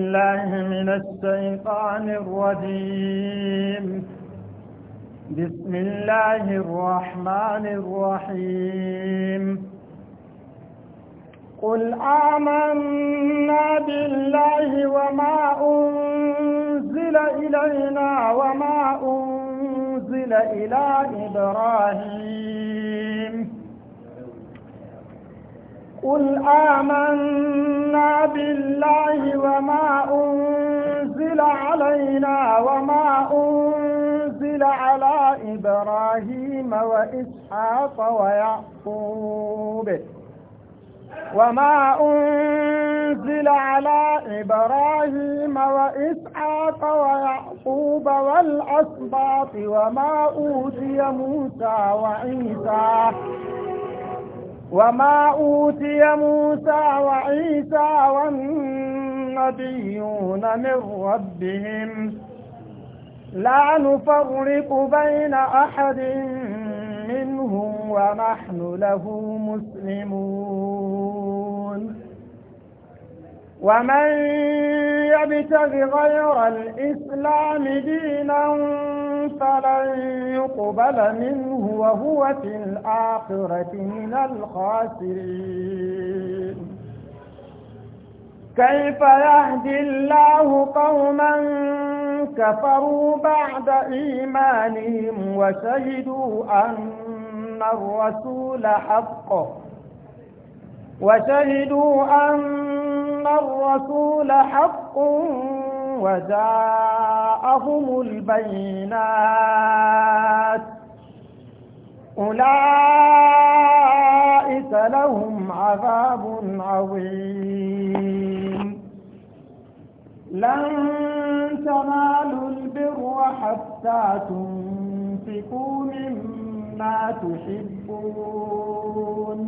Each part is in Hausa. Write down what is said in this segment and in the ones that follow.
الله من الشيطان الرجيم بسم الله الرحمن الرحيم قل آمنا بالله وما أنزل إلينا وما أنزل إلى إبراهيم قل آمنا بالله وما أنزل علينا وما أنزل على إبراهيم وإسحاق ويعقوب وما أنزل على إبراهيم وإسحاق ويعقوب والأسباط وما أوتي موسى وعيسى وما أوتي موسى وعيسى والنبيون من ربهم لا نفرق بين أحد منهم ونحن له مسلمون ومن يبتغ غير الإسلام دينا فلن يقبل منه وهو في الآخرة من الخاسرين كيف يهدي الله قوما كفروا بعد إيمانهم وشهدوا أن الرسول حق وشهدوا أن الرسول حق وجاءهم البينات أولئك لهم عذاب عظيم لن تنالوا البر حتى تنفقوا مما تحبون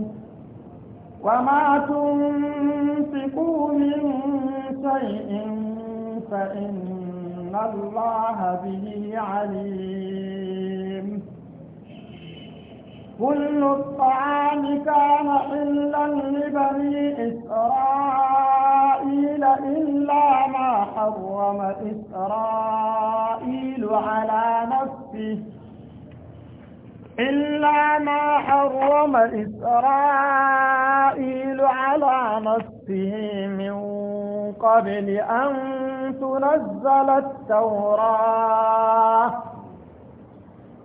وما تنفقوا من شيء فإن الله به عليم كل الطعام كان حلا لبني إسرائيل إلا ما حرم إسرائيل على نفسه إلا ما حرم إسرائيل على نفسه من قبل أن تنزل التوراة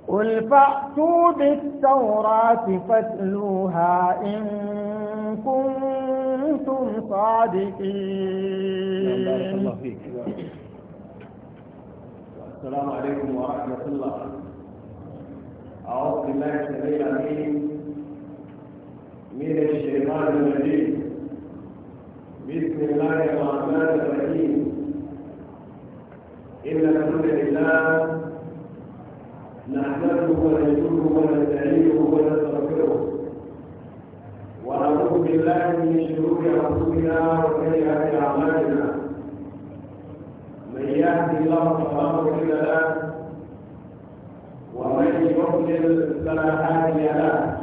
قل فأتوا بالتوراة فاتلوها إن كنتم صادقين نعم، بارك الله فيك السلام عليكم ورحمة الله أعوذ بالله السميع العليم من الشيطان الرجيم بسم الله الرحمن الرحيم إن الحمد لله نحمده ونشكره ونستعينه ونستغفره ونعوذ بالله من شرور أنفسنا وسيئات أعمالنا من يهد الله فلا مضل له ومن يضلل فلا هادي له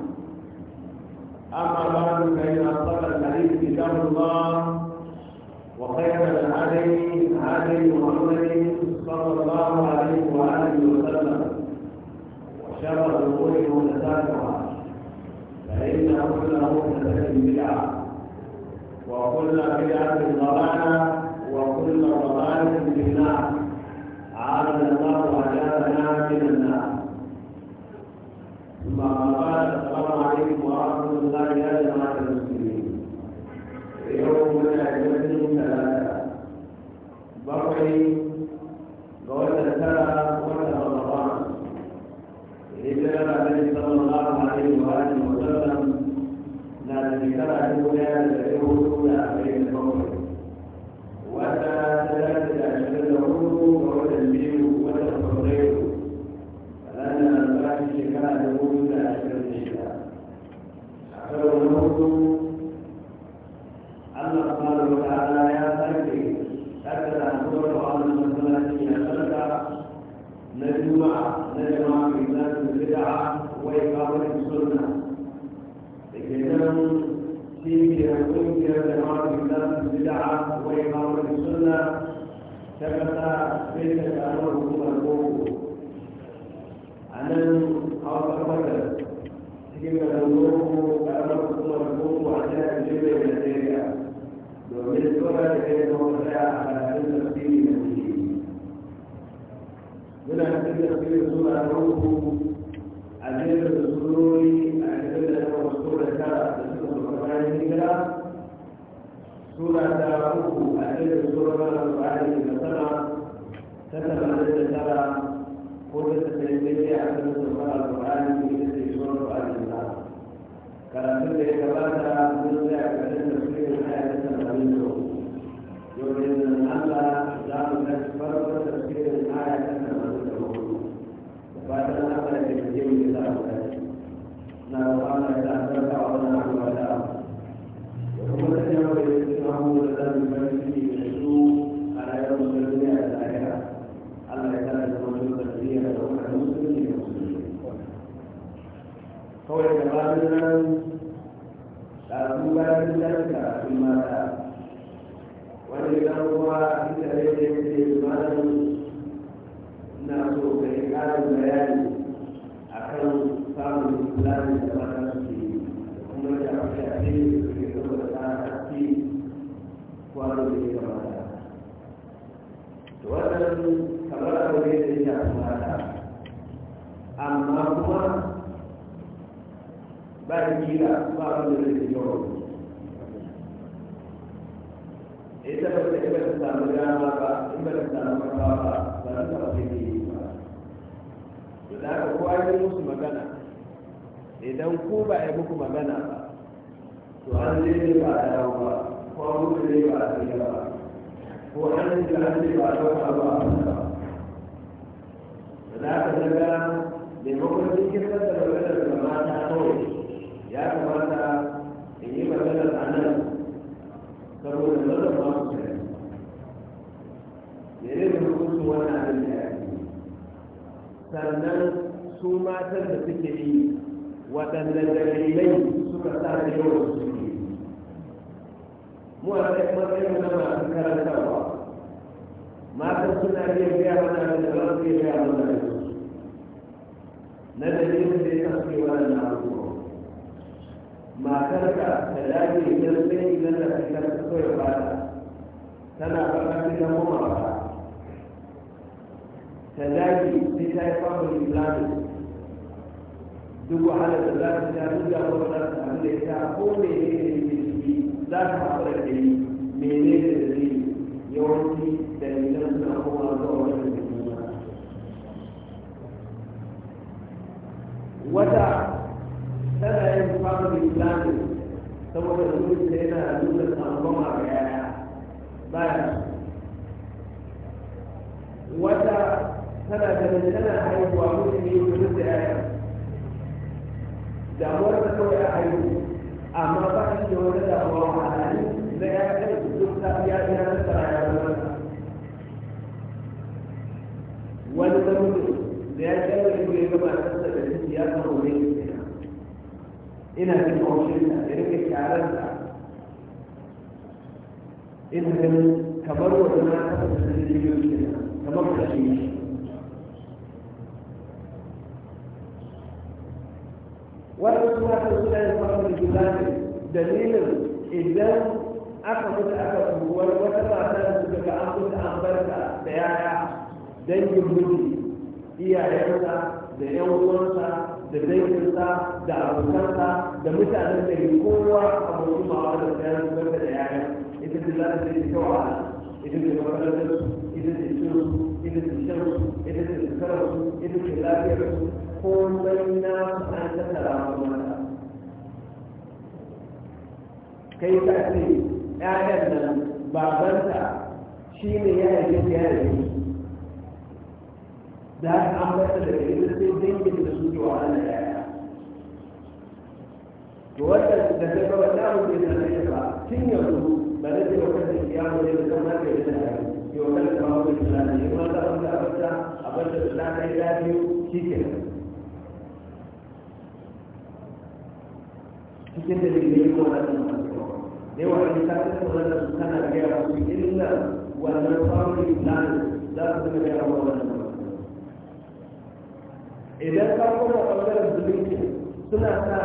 أما بعد فإن أصدق الحديث كتاب الله وخير الهدي هدي محمد صلى الله عليه وآله وسلم وشر الأمور محدثاتها فإن كل محدثة بدعة وكل بدعة ضلالة وكل ضلالة في النار أعاذنا الله وأجارنا من النار ثم قال بعد السلام عليكم ورحمة الله يا جماعة المسلمين اليوم من أجلتي ثلاثة بقي قولة ترى وقت رمضان اذا النبي صلى الله عليه وآله وسلم لا ذكرها الأولى لديه دون أخرين الأولى وتتلاتة أشهر له وتنبيه فلو الله سبحانه يا سيدي أكد أن تدرك على المسلمين خلق نجمع نجمع في ذات البدعة وإقامة السنة إذن فيك يكون جماعة في ذات البدعة وإقامة السنة ثبت بيت الأمر هو الكفر أنا أو كما نقول أمركم ونقوم على الجبل لدينا ومن ثم لدينا على أن في المسجد من أن في سورة روحه عجيب السرور عجيب أنه سورة سورة سورة روحه عجيب سورة القرآن مثلا كتب عليه ترى قلت تسليمية عجيب سورة القرآن في suratul al-nisa karatun da ya gabata mun tsaya karatun da suke da ayat ta tsarin da yau da nan za mu ga farko da suke da ayat ta tsarin da ba ta nan Allah ya ji mu da Allah na Allah ya tsarka wannan abuwa da kuma da yawa da yake samu da zan bari da su a rayuwar duniya da lahira Allah ya tsara da mutum da duniya da kuma kawai da bayan nan ɗazu bayan nan kafin mata wani kuma ita da yake yake na so ka yi ƙarin bayani a kan samun islamin da mata suke kuma da shafi da ke gaba da tsara haske kwano da ya kamata to wannan kamar abu ne da ya shafi mata amma kuma ba da kira ba wanda zai da yawan ita ba eh, ta ibar ta samu dama ba ibar ta samu kafa ba ba ta taɓa kai ke yi ba to da haka kowa ya musu magana idan ko ba ya muku magana ba to an je ne ba a dawo ba ko an muku ne ba a tsaye ba ko an je an je ba a ɗauka ba a fasa ba da haka daga maimakon cikin sassa da da mata kawai ya kamata in yi maganar a nan saboda zama ba su shari ya yi hukunci wannan abin da ya yi sannan su matan da suke yi waɗanda dalilai suka sa da yawan su ke yi mu a kai matsayin na masu karantarwa matan suna iya biya mana da za su iya biya mana da su na dalilin da ya kasance na abu matarka da dage idan sai idan da ta karfi so ya fata tana farkar da mama ba ta dage sai ta yi family planning duk wahala da za ta sha duk damuwar za ta samu da ita ko mene ne ke ciki za ta haƙura da yi me ne da zai yawanci da idan suna koma zuwa wani da wata هذا هي مقابلة الإنسان ثم تقول السيدة نوزة الأنظمة بها وتا سنة تنسنة حيث وعبوث في يوجد آية دعوار تسوي أحيو أما بعد جوانا دعوار حالي لا يأكل بسوك تأبيات يا نسر يا نسر ولا تنسل لا يأكل بسوك تأبيات يا نسر يا نسر ina jin haushinsa ya rike kyararsa ina ganin kamar wata na taɓa da sanin jirgin kenan kamar kashe shi waɗansu matan suna ya fara da gilafi dalilin idan aka mutu aka kuwar wata mata da suka ga an mutu an barka da yaya dangin mutu iyayensa da yan uwansa da danginsa da abokanta da mutanen da kowa a mutum a da ya zubar da yayan ita ce za ta ce cewa ita ce makarantar ita ce cin ita ce shan ita ce shekarar ita ce lafiyar komai na an tattara mata kai ka ce 'ya'yan nan babanta shi ne ya haife ya haife ده عم بيتكلم ان الاثنين دي بيسوتوا على العالم دلوقتي ده ده بتاعه دي ده ده سينيور بلدي وكان القيام ده ده ما في ده في وكان ما هو في الشارع دي ما ده عم ده بتاع ابدا لا لا دي كده كده اللي بيقول ده ده هو ان ولا صار idan ka kuma ɓangaren zumunci suna sa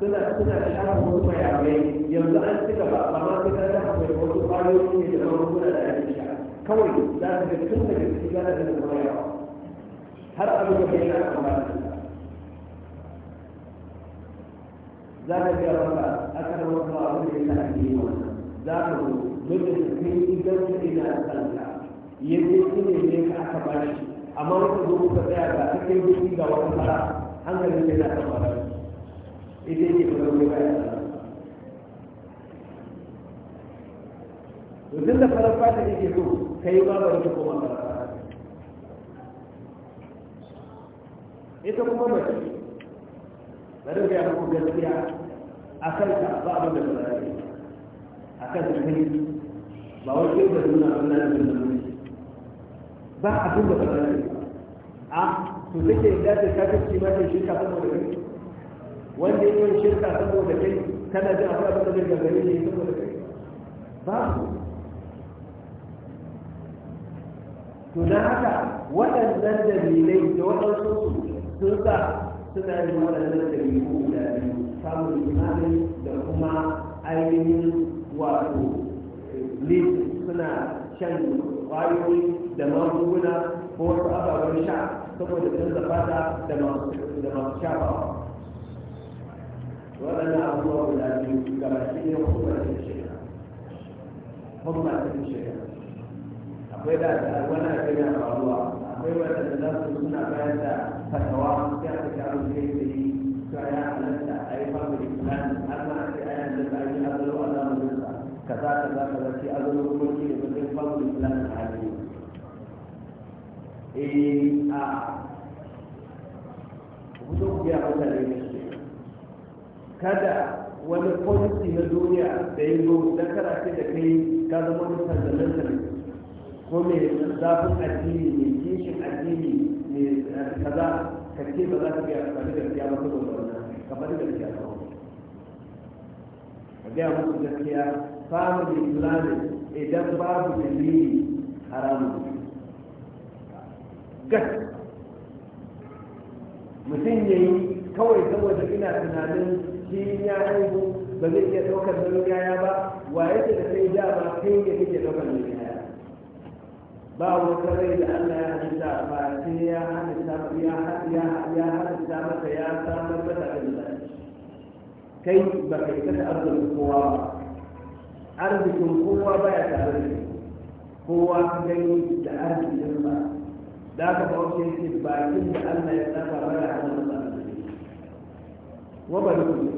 suna suna shafa wasu bayanai yanzu an ci gaba amma sai ka shafa mai wasu ƙwayoyi ne da kuma suna da ake sha kawai za su ga tun daga ciki za ka ga kuma yawa har abin da bai na amfani da za ka ga maka aka da wasu abin da ya ake yi wannan za ka zo lokacin kai idan ka ina san kanka yanzu shi ne ne ka aka ba shi amma wata zo kuka tsaya ga cikin gudu ga wata fara hankalin yana kan fara ita yake fara wani bayan Mutum da farar fata yake so, kai ma ba wata koma farar fata. Ita kuma mace, bari ga muku gaskiya a kanta ba abin da ba za a yi. A kan kai, ba wani kai da nuna wannan da nuna ba abin da ba ta yi a to take da ta kafirci ma ta shirka da kai wanda ya yi shirka saboda kai kana jin akwai abin da zai gagare ne saboda kai ba to na haka waɗannan dalilai da waɗansu sun sa suna yin waɗannan dalilu da biyu samun imani da kuma ainihin wato eh, list suna shan ƙwayoyi da magunguna ko wasu ababen sha saboda canza fata da masu shafawa waɗannan abubuwa guda biyu ga baki ne hukumar da shekara hukumar da shekara akwai da wani abin da faruwa akwai waɗanda za su suna bayan da fatawa sai aka kawo kai yi cewa ya halatta a yi family plan har ma a ce a yanzu da an yi azalo a zamaninsa kaza kaza kaza sai azalo kuma shi ne wajen family plan a hali Eh, a ah. ku kada wani policy na duniya da yi zo da karafi da kai ka zama da sandalantar ko mai zafin addini mai kishin addini mai eh, kaza ka ce ba za ka biya amfani da gaskiya ba ba na ka faɗi gaskiya ba ka biya musu gaskiya family planning idan babu dalili haramun gas mutum ya yi kawai saboda ina tunanin shi ya haihu ba zai iya ɗaukar nauyin yaya ba wa yake da kai ja ba kai ne kake ɗaukar nauyin yaya ba wata rai da Allah ya halitta ba sai ya ba ya ya ya ba masa ya samar ta da zai kai ba kai da arzikin kowa ba arzikin kowa ba tare da kowa gani da arzikin ba da aka ba wace yake bakin da Allah ya saba mana a nan ba wa balu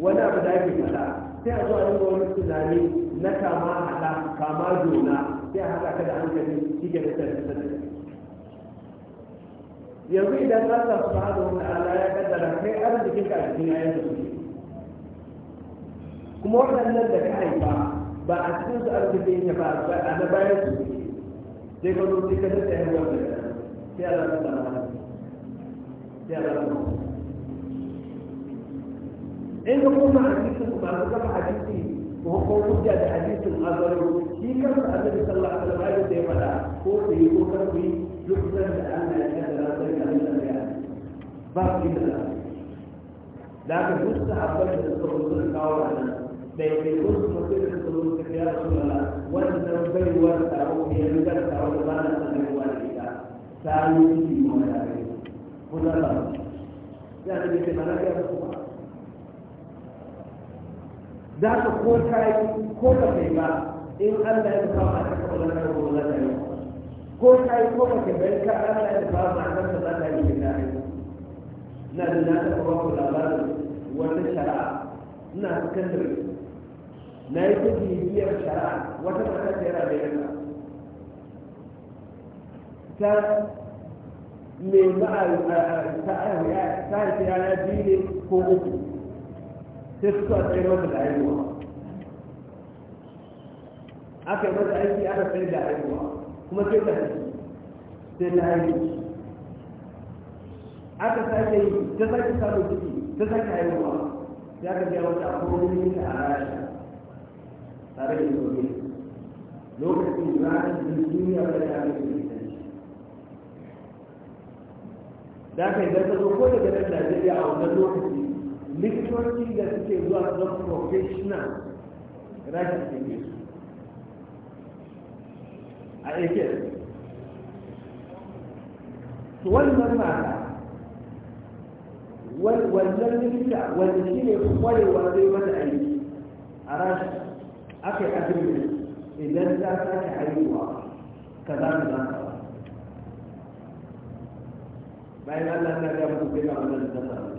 wani abu da ake fada sai a zo a wani tunani na kama hada kama jona sai a haɗa ka da hankali shi ke da tattalin yanzu idan Allah subhanahu da ala ya kaddara kai arzikin ka a cikin ayyan da suke kuma waɗannan da ka haifa ba a cikin su arziki ne ba a na bayan su देखो तो दिक्कत तय हुआ क्या रास्ता बना है क्या रास्ता إنه كما حديث ما ذكر حديثي وهو قول جاد حديث الأزل في كم النبي صلى الله عليه وسلم قال لي فلا قول لي قول لي يقسم بأن هذا لا بين الأمرين باقي لا لكن مستحب أن تكون القول da ya ke ko su mutu da su zo su ya su mala wanda da bai wa taro ya yi da taro da bana sanin wa da ita ta yi shi mu da rai ko da ba ya da ke mana ya ku ba da ka ko kai ko ka kai ba in Allah ya kawo a cikin wannan rubutu da ta yi ko kai ko ka kai bai ka Allah ya kawo a cikin da ta yi da na da na ta kawo labarin wata shari'a ina sakandare na yi ta bibiyar shari'a wata mata ta yara da yana ta ba a ta haifi yana biyu ne ko uku sai su ka tsaye mata da haihuwa aka yi mata aiki aka tsaye da haihuwa kuma sai ta sai ta haihu aka sake yi ta sake samun ciki ta sake haihuwa sai aka biya wata akwai wani a rashin tare da sobe lokacin ranar da duniya da abin da da ka yi ka zo ko daga nan najeriya a wannan lokaci likitoci da suke zuwa don professional rashin ke su a ake to wannan mata wannan likita wanda shi ne kwarewa zai mata aiki a rashin أكي أدري إذا أنت أكي حيوة كذلك لا ترى بين أن أنا جاب مبينة من الزمان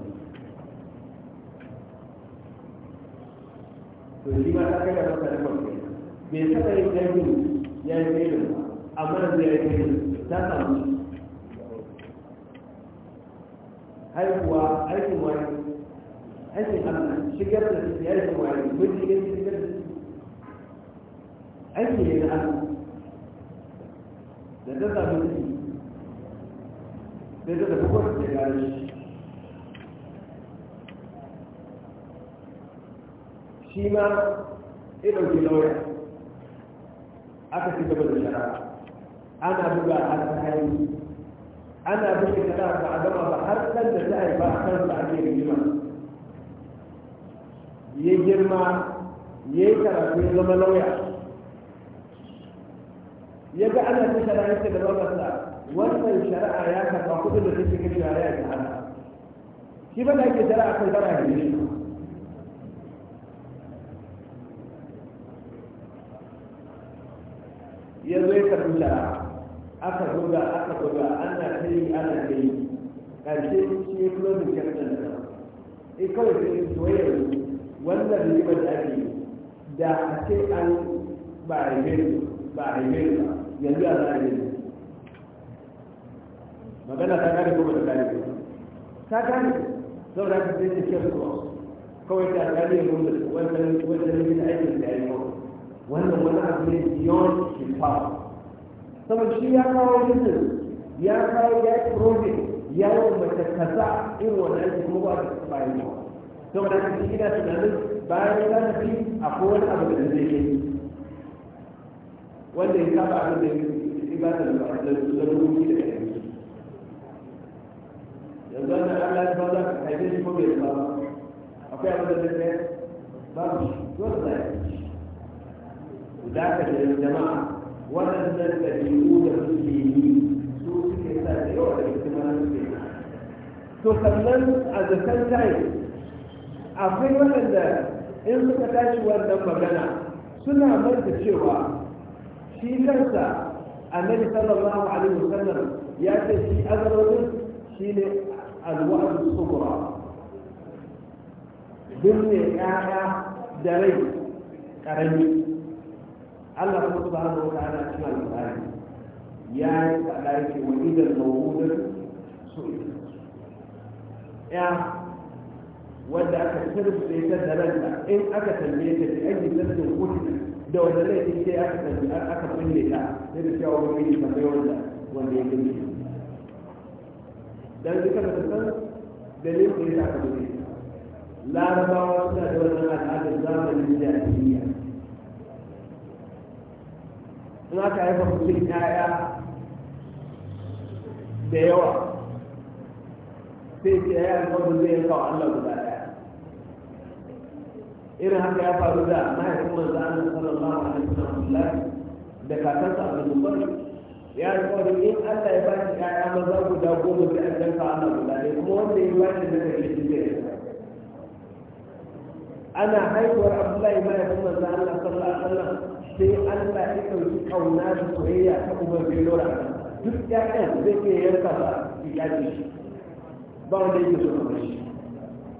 فلما أكي أدري أكي أدري من أكي أدري أكي أدري أكي أدري أمر بيعتين تتم هل هو أي مؤمن أي مؤمن شكرا لك في أي مؤمن مجد جديد جديد aiki ne na Allah da ta samu ciki sai ta tafi kwata ta gane shi shi ma ya ɗauki lauya aka fi gaba da shara ana buga a ta haihu ana buga ta ba a gama ba har kan da ta haifa a kan da ake rigima ya girma ya yi karatu ya zama lauya ya ga ana ta shari'a yake da babarsa wannan shari'a ya karɓa kuɗin da take kashe a yaya ta shi ba da ke shari'a kan bara ne shi ya zo ya karɓi shari'a aka buga aka buga ana ta yi ana ta yi ƙarshe shi ya kuma da ke da e kawai da yin soyayyar wannan ba da ake da a ce an ba a yi ba a yi ba yanzu a za ne magana ta kare ko bata kare ba ta kare da ka sai ta kiyar kuma kawai ta kare ya rumbu wannan wannan ta aikin da ya yi wannan wani abu ne beyond his power saboda shi ya kawo yanzu ya kawo ya yi project ya yi mace kasa irin wannan aiki kuma ba ta bayan ba saboda ka shi ina tunanin bayan ya tafi akwai wani abu da zai yi wanda ya taba abin da ya fi ba da lalurobi da ya yi yanzu wanda an ya ba za ka haife shi ko bai ba akwai abin da ya fi ba su shi dole za ya yi shi da ka da jama'a waɗannan ɗabi'u da suke yi su suke sa da yawa da hikima su ke to sannan a zakan time akwai waɗanda in suka tashi wannan magana suna mai cewa shi kansa annabi sallallahu alaihi wasallam ya ce shi azarorin shi ne alwa'ad sukura binne ƴaƴa da rai karami Allah kuma subhanahu wa ta'ala cikin alƙur'ani ya yi faɗa yake wa idan mawudar su ya wanda aka tarbe ta da ranta in aka tambaye ta da ake tattalin kudi da wanda zai ce sai aka tafi aka kulle ta sai da cewa wani ne ba sai wanda wanda ya gani dan duka da san dalil da ya aka kulle larabawa suna da wannan al'adar zamanin jahiliya in aka haifa mutum ya'ya da yawa sai ce ya'ya da wanda zai yanka wa Allah guda irin haka ya faru da mahaifin manzo Allah sallallahu alaihi wasallam da kakansa Abu Bakar ya alƙawari in Allah ya bashi ƴaƴa maza guda goma da aljanka Allah guda ne kuma wanda ya bashi da kake shi zai ana haihuwar Abdullahi mahaifin manzo Allah sallallahu alaihi wasallam sai Allah ya ɗauki kauna da soyayya ta Umar bin Lura duk ƴaƴan zai ke yanka ba ya ji ba wanda yake so kamar shi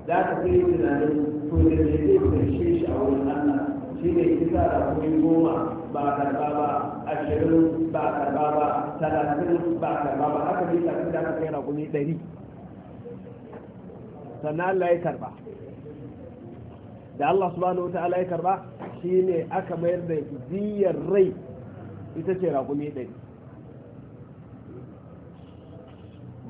za ka sai tunanin to da ne zai karshe shi a wurin Allah shi ne kisa da kuma goma ba karba ba ashirin ba karba ba talatin ba karba ba haka ne tafi da aka kai rakumi ɗari sannan Allah ya karba da Allah subhanahu wa ta'ala ya karba shi ne aka mayar da ziyar rai ita ce raƙumi ɗari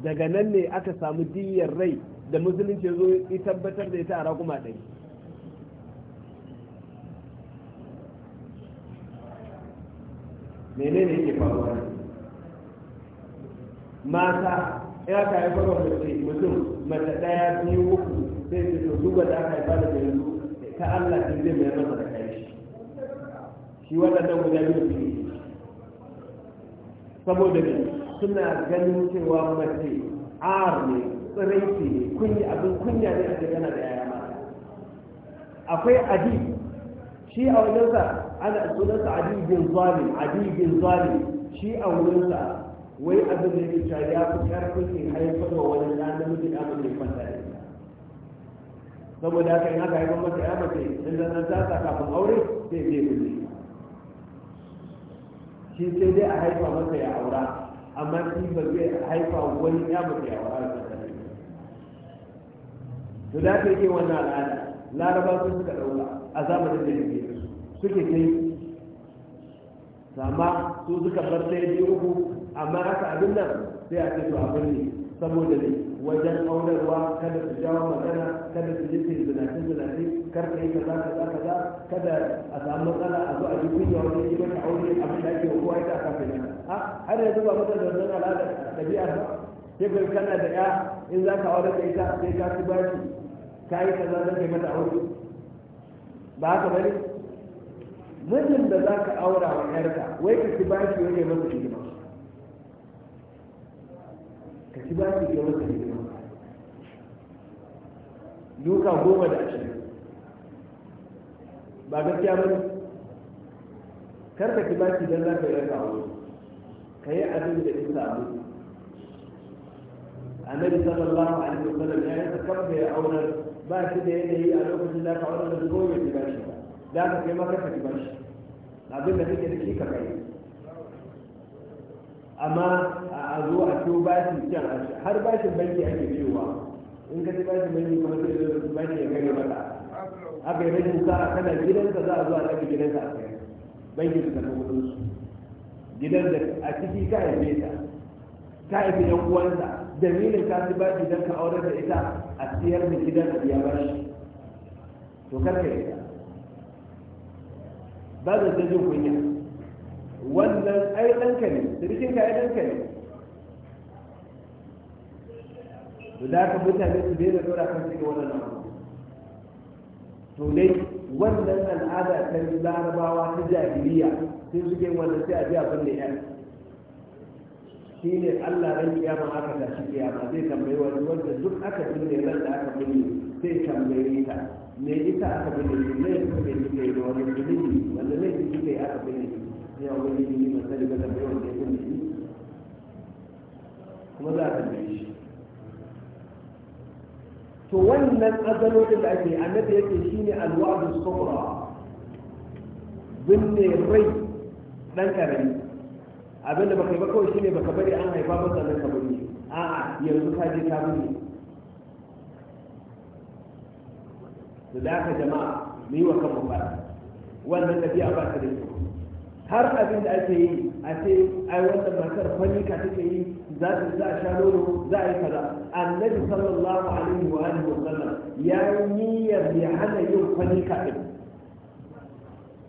daga nan ne aka samu diyar rai da musulunci zo ya tabbatar da ita a rakuma ɗari menene yake faruwa mata ya ka faruwa da yi mutum mata ɗaya biyu uku sai su su zuba da aka ba da yanzu ta Allah ɗin zai mai masa da kai shi waɗannan guda biyu yi. saboda ne suna ganin cewa mace ar ne tsiraici ne kunya abin kunya ne a yana da yaya mata akwai adi shi a wajensa ana sunansa adi bin zalim adi bin zalim shi a wajensa wai abin da yake cari ya fi karfin ke haifar wa wani ɗan namiji da abin da ya kwanta da saboda haka yana haka haifar mata ya mace in zanen ta kafin aure sai zai kulle shi sai dai a haifa masa ya aura amma shi ba zai haifa wani ya mace ya aura to da ka yi wannan al'ada laraba sun suka ɗauka a zamanin da yake suke kai sama su suka bar sai biyu uku amma aka abin nan sai a ce su abin ne saboda ne wajen aunarwa kada su jawo magana kada su je sai zinace-zinace kar ka yi kaza kaza kaza kada a samu matsala a zo a ji kunya wani yi mata aure abin da ake kowa ita a kafin nan a har yanzu ba mutum da wannan al'ada ɗabi'a ba sai ka kana da ya in za ka aure kai ita sai ka ci baki ka yi kaza zan kai mata aure ba haka bane mijin da za ka aura wa yarka wai ka ci bashi wai kai mata hidima ka ci bashi kai mata hidima duka goma da ashirin ba gaskiya ba ne kar ka ci baki don za ka yi yarka aure ka yi abin da isa abin annabi sallallahu alaihi sallam ya yi kafa ya auna ba shi da yanayi a lokacin da ka auna da zuwa mai ba shi da ka kai maka ka ba shi abin da kake da shi ka kai amma a zo a ciwo shi can har bashin banki ake ciwowa in ka ba bashin banki kuma sai da banki ya kai mata haka yi rashin sa'a kana gidansa za a zo a ɗaga gidansa a kai banki da tafi kudin su gidan da a ciki ka haife ta ka haife yan uwansa dalilin ka ci bashi don ka aurar da ita a siyar da gidan da ya bashi to karka yi ba da ta jin kunya wannan ai ɗanka ne sirikin ka ai ɗanka ne to da ka mutane su daina ɗora kan cikin wannan abu to dai wannan al'ada ta larabawa ta jahiliya sai suke wannan sai a biya abin da ya shi ne allah ran kiyama aka tashi kiyama zai tambayi wani wanda duk aka binne ran da aka binne sai tambaye ta me ita aka binne shi ne su ne su ne da wani zunubi wanda ne su ne aka binne shi a wani jini mai sani ga tambayi wanda ya binne shi kuma za a tambaye shi to wannan azalolin da ake annabi yake shine alwa'du sura binne rai dan karami abinda baka yi ba kawai shine baka bari an haifa ba sannan ka bari a'a yanzu ka je ka bari da da jama'a mu yi wa kanmu fara wannan tafiya ba ta da har abin da ake yi a ce ai wannan matar fanika take yi za ta za a sha nono za a yi kaza annabi sallallahu alaihi wa alihi wa sallam ya yi niyyar ya hana yin fanika din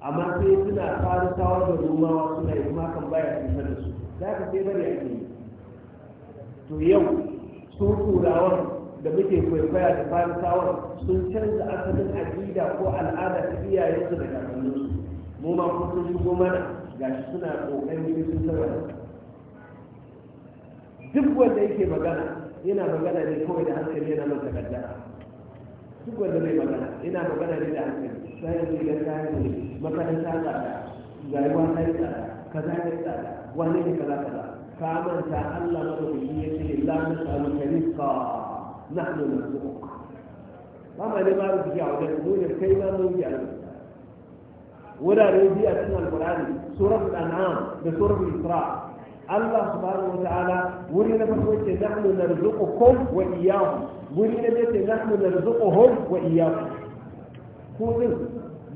amma sai suna tawar da rumawa suna yi kuma kan baya sun da su za ka sai bari ake yi to yau su turawan da muke kwaikwaya da tawar sun canza asalin aƙida ko al'ada ta iyayensu da su mu ma kuma sun shigo mana gashi suna ƙoƙarin sai sun sarrafa duk wanda yake magana yana magana ne kawai da hankali yana masa kaddara duk wanda mai magana yana magana ne da hankali sai da ga kayan ne makaranta ga rayuwa ta yi tsada kaza ya tsada wani ne kaza kaza ka manta Allah madaukaki ya ce la nasalu rizqa nahnu narzuquk ba ma ne ba mu biya wajen mu ne kai ma mun biya wurare biya cikin alqur'ani suratul an'am da suratul isra Allah subhanahu wata'ala wuri na farko ce nahnu narzuqukum wa iyyakum wuri na biyu ce nahnu narzuquhum wa iyyakum ko din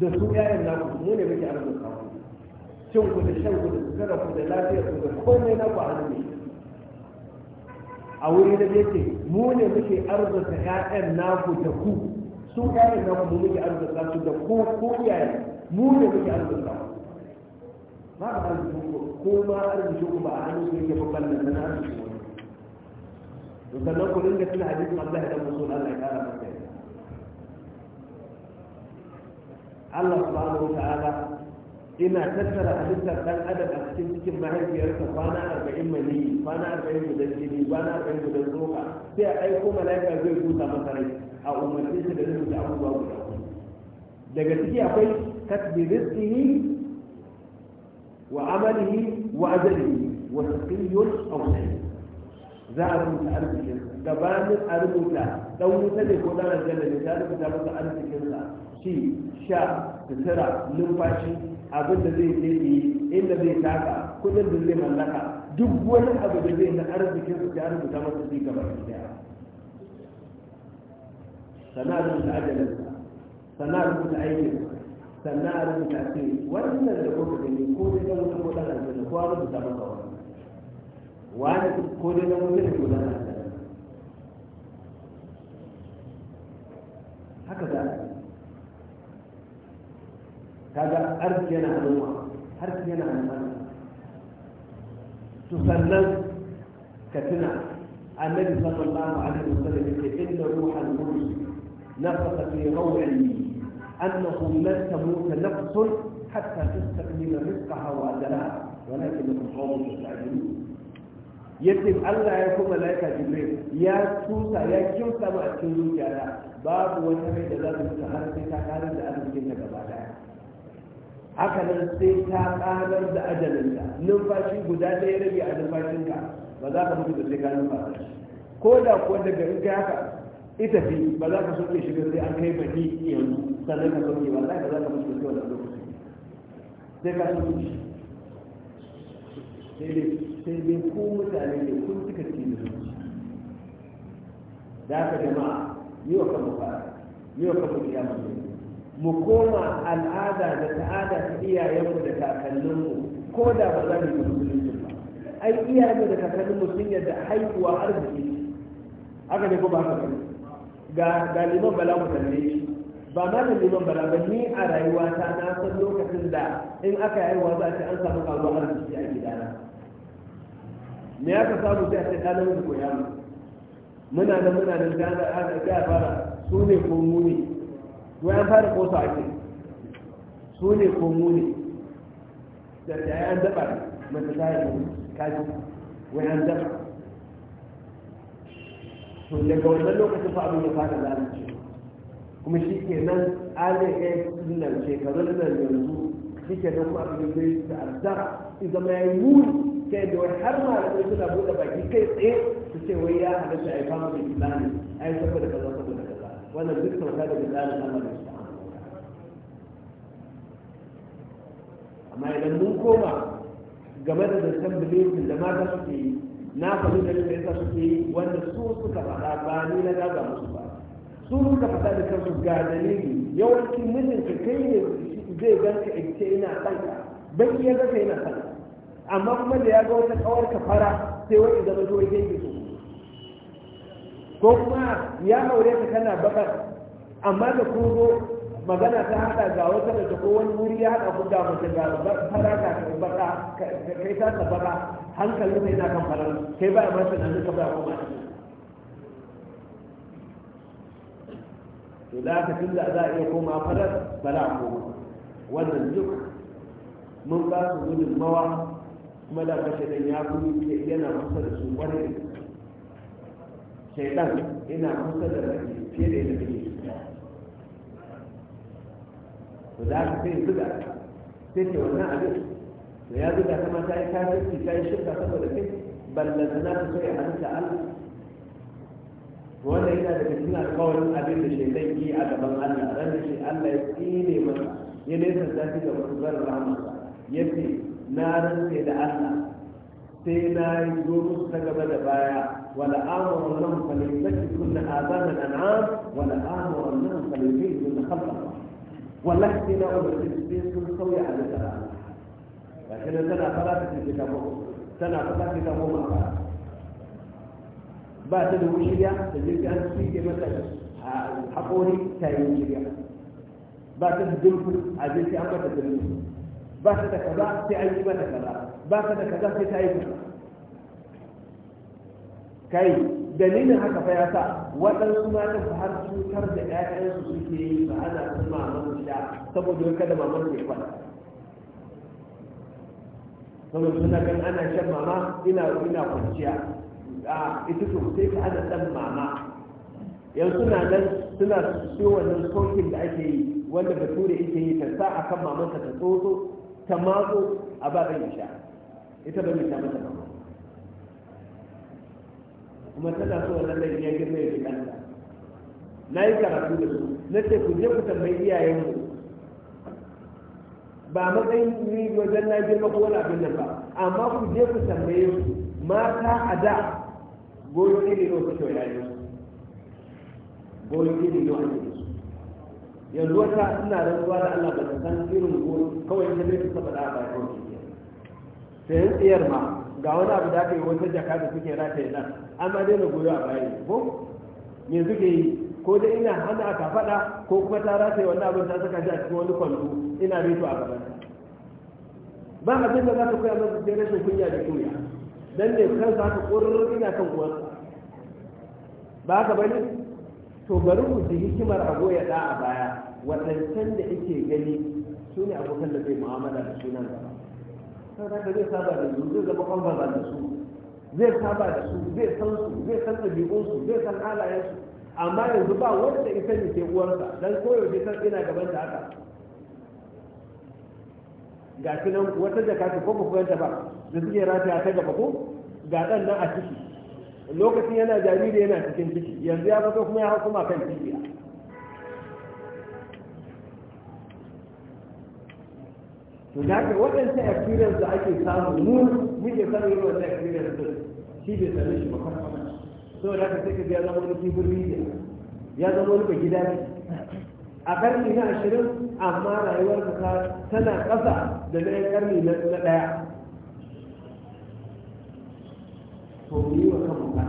da su ƴaƴan naku mu ne muke arzuta cin ku da shan ku da tsara ku da lafiyar ku da komai na ku a hannu a wuri da yake mu ne muke arzuta ƴaƴan naku da ku su ƴaƴan naku mu muke arzuta su da ku ko iyaye mu ne muke arzuta ba ka arzuta ko ma arziki ku ba a hannun su yake babban nan na arziki sannan ku dinga tuna hadisin Allah ya dan musu Allah ya kara masa Allah subhanahu ta'ala ina tattara halittar dan adam a cikin cikin mahaifiyarsa kwana arba'in mani kwana arba'in gudan jini kwana arba'in gudan tsoka sai a aiko mala'ika zai rubuta masa rai a umarci shi da rubuta abubuwa guda daga ciki akwai katbi rizqihi wa amalihi wa ajalihi wa taqiyyun aw za a rubuta arzikin gabanin a rubuta dan wuta ne ko dan aljanna ne ta rubuta masa arzikin sa ci sha sutura numfashi abin da zai ce yi inda zai taka kudin da zai mallaka duk wani abu da zai na arzikin su ta rubuta masa su gaba ɗaya sana'ar rubuta ajalinsa sana'ar rubuta aikin sannan a rubuta ce wannan da kuka gani ko dai da wuta ko da aljanna ko an rubuta maka wani wani ko dai ne wuta ko dan aljanna هذا أرجنا عن الله أرجنا عن الله تسلم كتنا النبي صلى الله عليه وسلم يقول إن روح القدس نفخ في روعي أنه لن تموت نفس حتى تستكمل رزقها وأجلها ولكن قوم تستعجلون يكتب الله يكون ملائكة جبريل يا سوسة يا كيوسى ما أتكلم يا باب وتمي دلالة سهرتك هذا الأمر جنة بعدها haka nan sai ta karar da ajalinka numfashi guda ɗaya rabi a numfashinka ba za ka mutu da sai ka numfashi ko da kuwa daga in kai haka ita fi ba za ka soke shiga sai an kai baki yanzu sannan ka soke ba za ka za ka mutu da sai wannan lokaci sai ka soke shi sai dai ko mutane ne kun suka ci da zuci da haka jama'a yi wa kanmu fara yi wa kanmu kiyama ne mu koma al'ada da ta'ada ta iyayenmu da kakanninmu ko da ba za mu yi musulunci ba ai iyayenmu da kakanninmu sun yadda haihuwa arziki haka ne ko ba haka ne ga ga liman bala mu tambaye. shi ba ma da liman bala ba ni a rayuwata na san lokacin da in aka yi haihuwa za a ce an samu kawo arziki a gidana me ya ka samu sai a ce ɗanar da koya muna da muna da gana aka fara su ne ko mu ne wai an fara kosa ake su ne ko mu ne da ta yi an daba mace ta yi kaji wai an daba to daga wannan lokacin fa abin ya fara lalace kuma shi ke nan alaƙa nan shekarun nan yanzu shi ke nan kuma abin da ya ta'azzara in zama ya yi wuri ta da wani har ma da suna buɗe baki kai tsaye su ce wai ya halatta a yi fama da islami a yi saboda kaza wannan duk kyauta daga tsarin Allah ne amma idan mun koma game da zancen bilimin da mata suke yi na faru da da yasa suke yi wanda su suka faɗa ba ni na gaza musu ba su suka faɗa da kansu ga dalili yawancin mijinka kai ne zai ganka in ce ina son ka baki ya ganka ina son amma kuma da ya ga wata kawar ka fara sai wani zama to yake su ko kuma ya aure ka tana bakar amma da kogo magana ta hada ga wata da ta ko wani wuri ya hada ku ga mace ga ta ka baka kai ta ta baka hankali ne na kan farar kai ba ma sai nan ka ba ku ba to da ka tunda za a iya koma farar bala ko wannan duk mun ba su gudunmawa kuma da kashe dan ya kuma yana masa da su wani shaitan ina kusa da mace fiye da yadda kake to da aka sai zuga sai ke wannan abin da ya zuga ta yi ya kafirci ta yi shirka saboda kai ballantana ta so ya ta Allah wanda yana daga cikin alƙawarin abin da shaitan yi a gaban Allah ran da shi Allah ya tsine masa ya nesa zafi da wasu zan rahmansa ya ce na rantse da Allah sai na yi zo musu ta gaba da baya ولا آمر لهم ولآمرنهم كل آذان الأنعام ولا آمر لهم ولآمرنهم كل خلق الله ولا سينا أمرتك كل سوي على الآن لكن سنة ثلاثة في كتابه سنة ثلاثة في كتابه ما فعل بعد الوشية تجد أن تسيجي مثلا حقوري تاين شريعة بعد الدلف عزيزي أمتا الدلف بعد كذا تعجبت كذا بعد كذا في تاين كذا kai dalilin haka fa ya sa waɗansu su har cutar da ƴaƴansu suke yi ba ana su maman sha saboda kada maman ke kwana saboda suna kan ana shan mama ina ina kwanciya a ita to sai ka ana ɗan mama yanzu na nan suna siyo wannan sokin da ake yi wanda bature ita yi ta sa akan mamarsa ta tsotso ta matso a ba ɗan sha ita ba mai mata mama kuma tana so wannan da ya girma ya ji kanta na yi karatu da su na ce ku je ku tambayi iyayenmu ba matsayin ni wajen na girma ko wani abin nan ba amma ku je ku tambaye su mata a da goyo ne ne ku kyau yayin su goyo ne ne wani su yanzu wata ina rantsuwa da Allah ba ta san irin goyo kawai ta ne saba da ba ko sai tsayar ma ga wani abu da aka yi wata jaka da suke rataye nan an ma daina goyo a bayan ko me suke yi ko dai ina hana aka faɗa ko kuma ta rasa wannan abin ta saka a cikin wani kwando ina rito a gaban ta ba abin da za ta koya masa sai rashin kunya da kunya dan ne kansa ta ƙurr ina kan uwarsa ba haka bane to bari mu ji hikimar a ya da a baya can da yake gani su ne abokan da zai mu'amala da sunan gaba sai da zai saba da su zai zama kwamfara da su zai saba da su zai san su zai san ɗabi'unsu zai san halayensu amma yanzu ba wanda isa ne ke uwarsa dan koyaushe san ina gaban da haka ga shi nan wata jaka ta ko ba ta ba da suke rataya ta gaba ko ga ɗan nan a ciki lokacin yana jariri yana cikin ciki yanzu ya fito kuma ya hau kuma kan ciki to da haka waɗansu experience da ake samu mu muke samu yi wannan experience din shi bai same shi ba kwanfama da haka sai ka ya zama wani kibin ya zama wani gida ne a karni na ashirin amma rayuwar ta tana ƙasa da na ƙarni na ɗaya to mu yi wa kanmu mu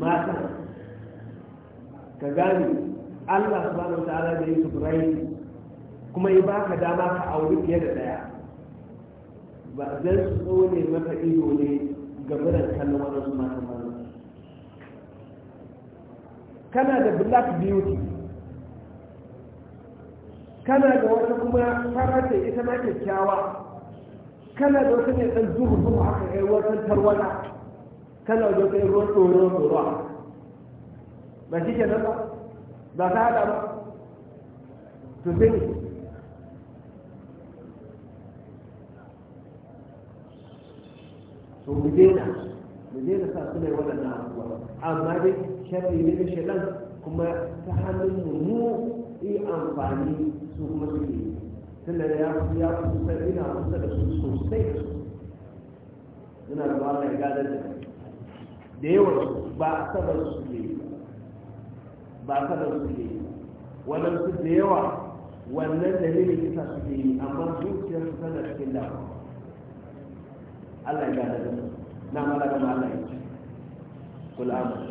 matan ka gane Allah subhanahu wa ta'ala da Yusuf rai kuma ya baka dama ka auri fiye da daya ba zan so ne maka ido ne ga biran kallon su mata ba kana da black beauty kana da wata kuma fara ce ita ma kyakkyawa kana da wata ne ɗan zuhu zuhu haka kai eh, wata tarwata kana da wata ruwan tsoro tsoro ba shi ke nan ba ba ta haɗa ba to sai ne to mu daina mu daina sa su ne waɗannan abubuwa amma dai sharri ne da shaɗan kuma ta hannun mu mu yi amfani su kuma su yi tunda ya ya kusa ina kusa da su sosai da su ina da ba mai gadar da da yawan ba a saba su ba kalar su ke yi wannan su da yawa wannan dalilin yasa su ke yi amma zuciyar su tana cikin da Allah ya gada da na mala da mala ya ce kul amin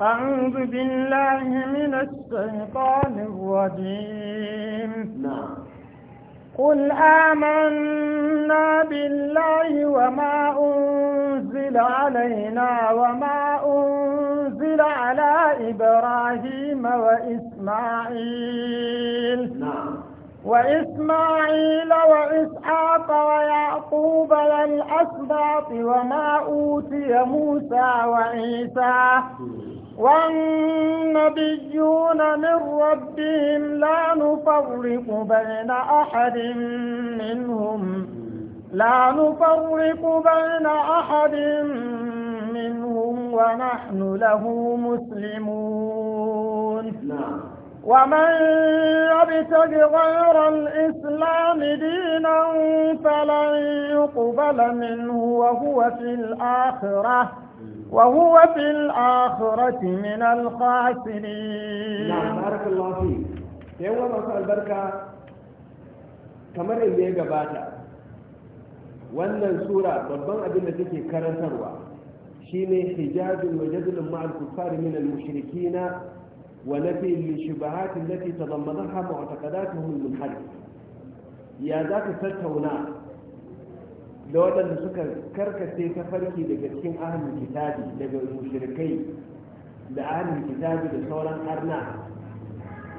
أعوذ بالله من الشيطان الرجيم نعم قل آمنا بالله وما أنزل علينا وما أنزل على إبراهيم وإسماعيل نعم وإسماعيل وإسحاق ويعقوب والأسباط وما أوتي موسى وعيسى والنبيون من ربهم لا نفرق بين أحد منهم لا نفرق بين أحد منهم منهم ونحن له مسلمون نعم ومن يبتغ غير الإسلام دينا فلن يقبل منه وهو في الآخرة وهو في الآخرة من الخاسرين نعم بارك الله فيك يوم مساء البركة كما رأيه قباتا wannan sura babban abin da take karantarwa shine hijabin wa jadlun ma'al kuffari min al mushrikina wa nafi li shubahat allati tadammanaha mu'taqadatuhum al hal. ya za ka tattauna da waɗanda suka karkace ta farki daga cikin ahalin kitabi daga mushrikai da ahalin kitabi da sauran arna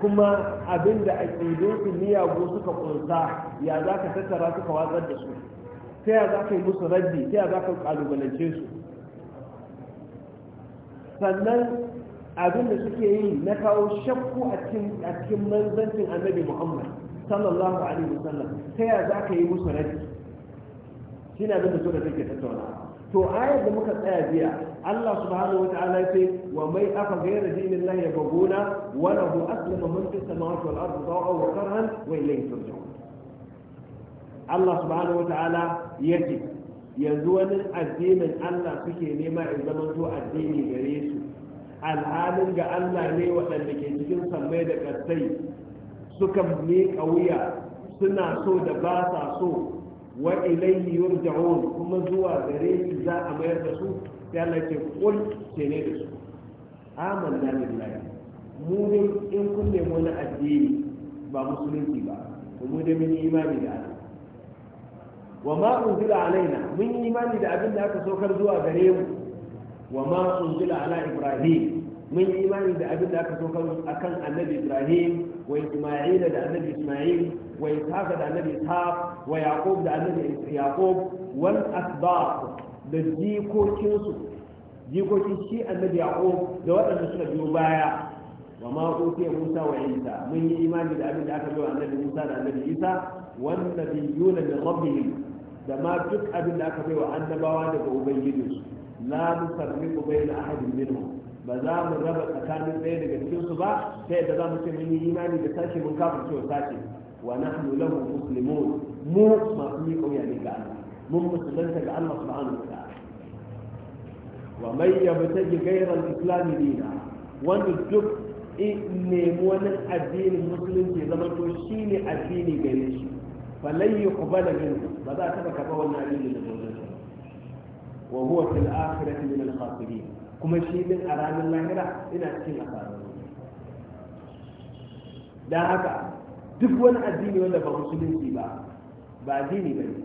kuma abinda da aƙidunsu miyagu suka ƙunsa ya za ka tattara suka watsar da su ta ya za ka yi musu raddi ta ya za ka ƙalubalance su sannan abin da suke yi na kawo shakku a cikin manzancin annabi muhammad sallallahu alaihi wasallam ta ya za ka yi musu rabi shi ne abin da suka take tattauna to ayar da muka tsaya biya Allah subhanahu wa ta'ala ya ce wa mai aka gaira dinin lahi baguna wa lahu aslama man fi samawati wal ardi daw'a wa karhan wa ilayhi turja'un Allah subhanahu wa ta'ala yake yanzu wani addinin Allah suke nema in zama zo addini gare su alhalin ga Allah ne waɗanda ke cikin sammai da ƙasai suka ne ƙauya suna so da ba sa so wa ilayhi yurja'un kuma zuwa gare shi za a mayar da su sai Allah ce kul ce ne da su amanna billahi mu ne in kun nemi wani addini ba musulunci ba mu da mun imani da Allah wa ma unzila alaina mun yi imani da abin da aka saukar zuwa gare mu wa ma unzila ala ibrahim mun yi imani da abin da aka saukar akan annabi ibrahim wa isma'ila da annabi isma'il wa ishaqa da annabi ishaq wa yaqub da annabi yaqub wal asbaq da jikokinsu jikokin shi annabi yaqub da waɗanda suka biyo baya wa ma utiya Musa wa Isa mun yi imani da abin da aka bai wa annabi Musa da annabi Isa wan yuna min rabbihim da ma duk abin da aka bai wa annabawa daga ubangijinsu la nufarriqu bayna ahadin minhum ba za mu raba tsakanin ɗaya daga cikin su ba sai da za mu ce mun yi imani da sashi mun kafirce cewa sashi wa nahnu lahu muslimun mu masu miƙa wuya ne ga Allah mun musulunta ga Allah subhanahu wa ta'ala wa mai yabtaji ghayra al-islam dina wanda duk nemi wani addinin musulunci zama to shi ne addini gare shi falai yi da min ba za a taba kaba wannan addini da gwamnati ba wa huwa fil akhirati min al khasirin kuma shi din a ranar lahira ina cikin asarar dan haka duk wani addini wanda ba musulunci ba ba addini bane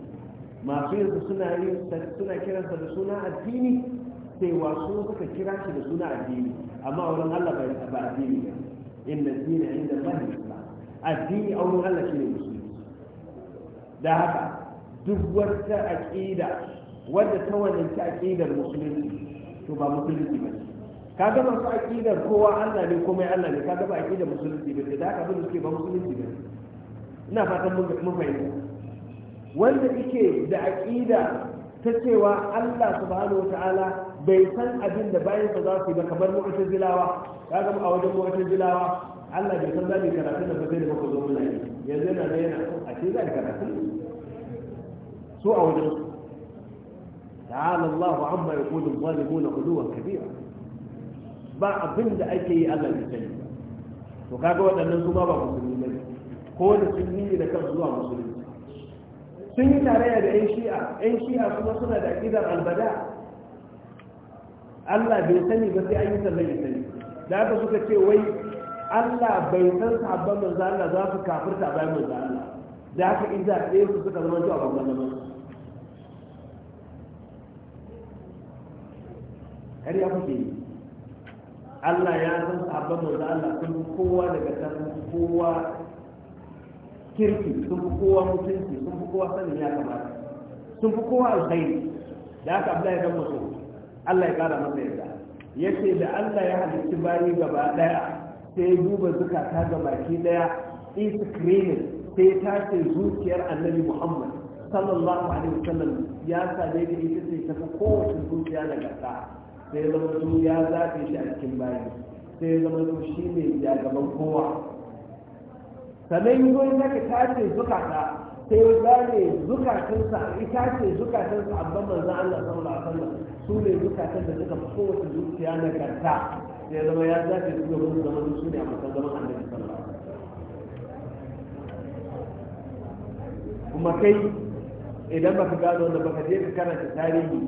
masu yanzu suna yin suna kiransa da suna addini cewa su suka kira shi da suna addini amma wurin Allah bai ba addini ba inna dina inda Allah addini a wurin Allah shine musulmi da haka duk wata aqida wanda ta wadanci aqidar musulunci to ba musulunci ba ka kaga ba su aqidar kowa Allah ne komai Allah ne ka kaga ba aqidar musulunci ba da haka abin da suke ba musulunci ba ina fatan mun fahimta wanda yake da aqida ta cewa Allah subhanahu wataala bai san abin da bayan sa za su yi ba kamar lokacin zilawa ya zama a wajen lokacin zilawa Allah bai san za mu karatu da sai da muka zo muna yi yanzu yana da yana a ce za mu karatu Su a wajen su ta'ala Allahu amma yaqulu zalimuna uluwan kabira ba abin da ake yi Allah bai sani to kaga waɗannan su ma ba musulmi ne ko da sun yi da kan zuwa musulmi sun yi tarayya da 'yan shi'a 'yan shi'a kuma suna da aƙidar albada Allah bai sani ba sai an yi sallar ya sani da haka suka ce wai Allah bai san sabon manzo Allah za su kafirta bayan manzo Allah da haka idza ɗaya su suka zama cewa ban manzo har ya kuke Allah ya san sabon manzo Allah sun kowa daga can kowa kirki sun fi kowa mutunci sun fi kowa sanin ya kamata sun fi kowa alkhairi da haka Abdullahi dan Mas'ud Allah ya kara masa yarda yace da Allah ya halicci bayi gaba daya sai duba zukata ga baki daya iscreening sai ta ce zuciyar annabi Muhammad sallallahu alaihi wasallam ya sade da ita ce ta kowace zuciya da gasa sai zama su ya zaɓe shi a cikin bayi sai ya zama su shi ne ya gaban kowa sannan yi zaka tace zukata sai ya gane zukatansa ita ce zukatansa abban manzan Allah sallallahu alaihi wasallam su ne zukatan da suka fi kowace zuciya na karta ya zama ya zafi su gaban wani zaman su ne a matan zaman annabi sallallahu alaihi kuma kai idan baka gano wanda baka je ka karanta tarihi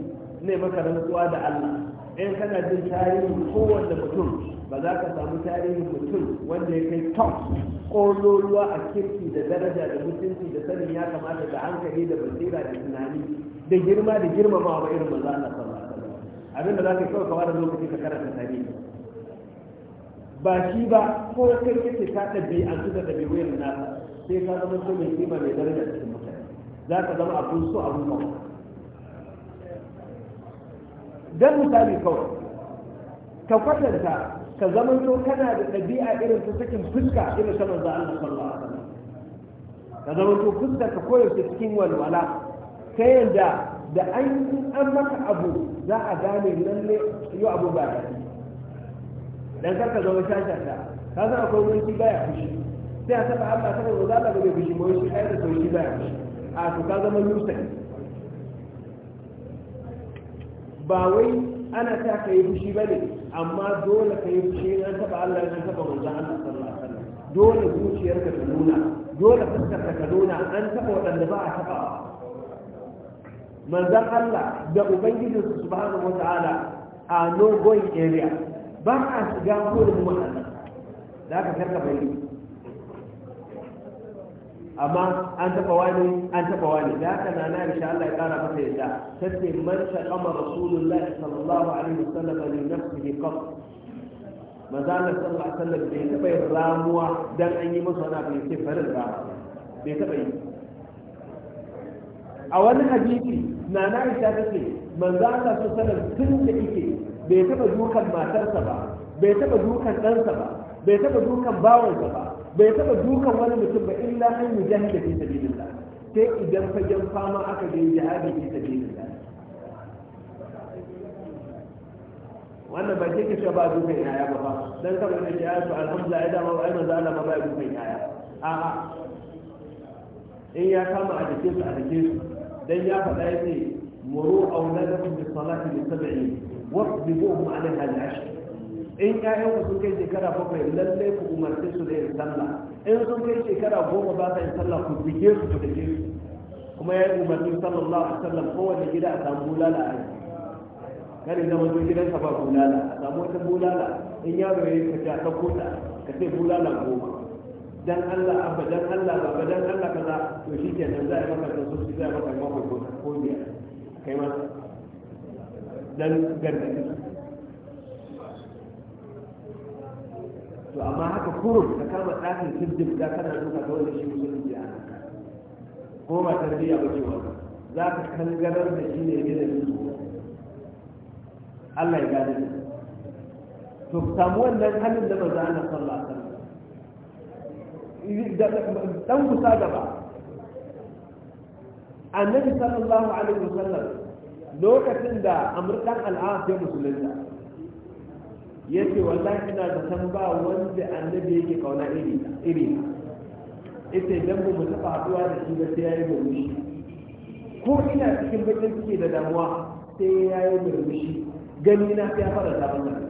ne maka rantsuwa da Allah in kana jin tarihi kowanne mutum ba za ka samu tarihin mutum wanda ya kai top ƙololuwa a kirki da daraja da mutunci da sanin ya kamata da hankali da basira da tunani da girma da girmamawa ba irin maza Allah sallallahu abin da za ka kawai kawai da lokaci ka karanta tarihi ba shi ba ko kai kake ka ɗabi'antu da ɗabi'oyin nasa sai ka zama so mai kima mai daraja cikin mutane za ka zama abun so abun kawai dan misali kawai ka kwatanta ka zamanto kana da ɗabi'a irin ta sakin fuska irin ta manzo Allah sallallahu alaihi wasallam ka zamanto fuska ka koyaushe cikin walwala ta yanda da an an maka abu za a gane lalle yo abu ba da dan kar ka zama shashasha ka san akwai wani shi baya fushi sai a saba Allah saboda manzo Allah bai fushi mai shi ai da sauki baya fushi a to ka zama lusa ba wai ana sa ka yi fushi ba ne, amma dole ka yi fushi an taba Allah na taba manzon Allah sallallahu alaihi wasallam dole zuciyarka ta nuna dole fuskarka ta nuna an taba wadanda ba a taba manzon Allah da ubangijin su subhanahu wataala a no going area ba a shiga ko da mu da ka karka bayani amma an taɓa wani an taba wani da haka na na insha Allah ya kara masa yadda tace man shaqama rasulullah sallallahu alaihi wasallam li nafsihi qat maza Allah sallallahu alaihi wasallam bai taba yin ramuwa dan an yi masa wani abu yake farin ba bai taba yi a wani hadisi na na insha tace manzo Allah sallallahu alaihi wasallam tun da yake bai taɓa dukan matarsa ba bai taɓa dukan ɗansa ba bai taɓa dukan bawansa ba bai taba dukan wani mutum ba illa an yi jahilin fi sabilillah sai idan fagen fama aka ga jihadi fi sabilillah wannan ba ke kashe ba dukan yaya ba ba dan kaba ne ya to alhamdulillah ya ma ai manzo Allah ba ba dukan yaya a a in ya kama a dake su a dake su dan ya faɗa yace muru auladakum bi salati bi sab'i wa bi wasbiquhum 'alayha al-'ashr in ƴaƴan ku sun kai shekara bakwai lalle ku umarce su da yin sallah in sun kai shekara goma ba ta yin sallah ku bige su ku dake su kuma ya yi umarni sallallahu alaihi wasallam kowanne gida a samu bulala a kare zama zo gidansa ba bulala a samu wata bulala in yaro ya yi ka ja ka kuta ka ce bulala goma dan Allah abba dan Allah baba dan Allah kaza to shikenan za a yi maka da su za a maka mako ko kai ma dan gargaɗi to amma haka kurum ka kama ɗakin sirjin da kana duka ga wani shi musulunci a nan ko ba tarbiyya ba ce wannan za ka kangarar da shi ne gina su Allah ya gane to samu wannan halin da manzo Allah sallallahu alaihi wasallam dan kusa gaba annabi sallallahu alaihi wasallam lokacin da amurkan al'af ya musulunta ya ce wallahi ina da san ba wanda annabi yake kauna iri iri ita idan ba mu taɓa haɗuwa da shi ba sai ya yi murmushi ko ina cikin bakin ciki da damuwa sai ya yi murmushi gani na sai ya fara ta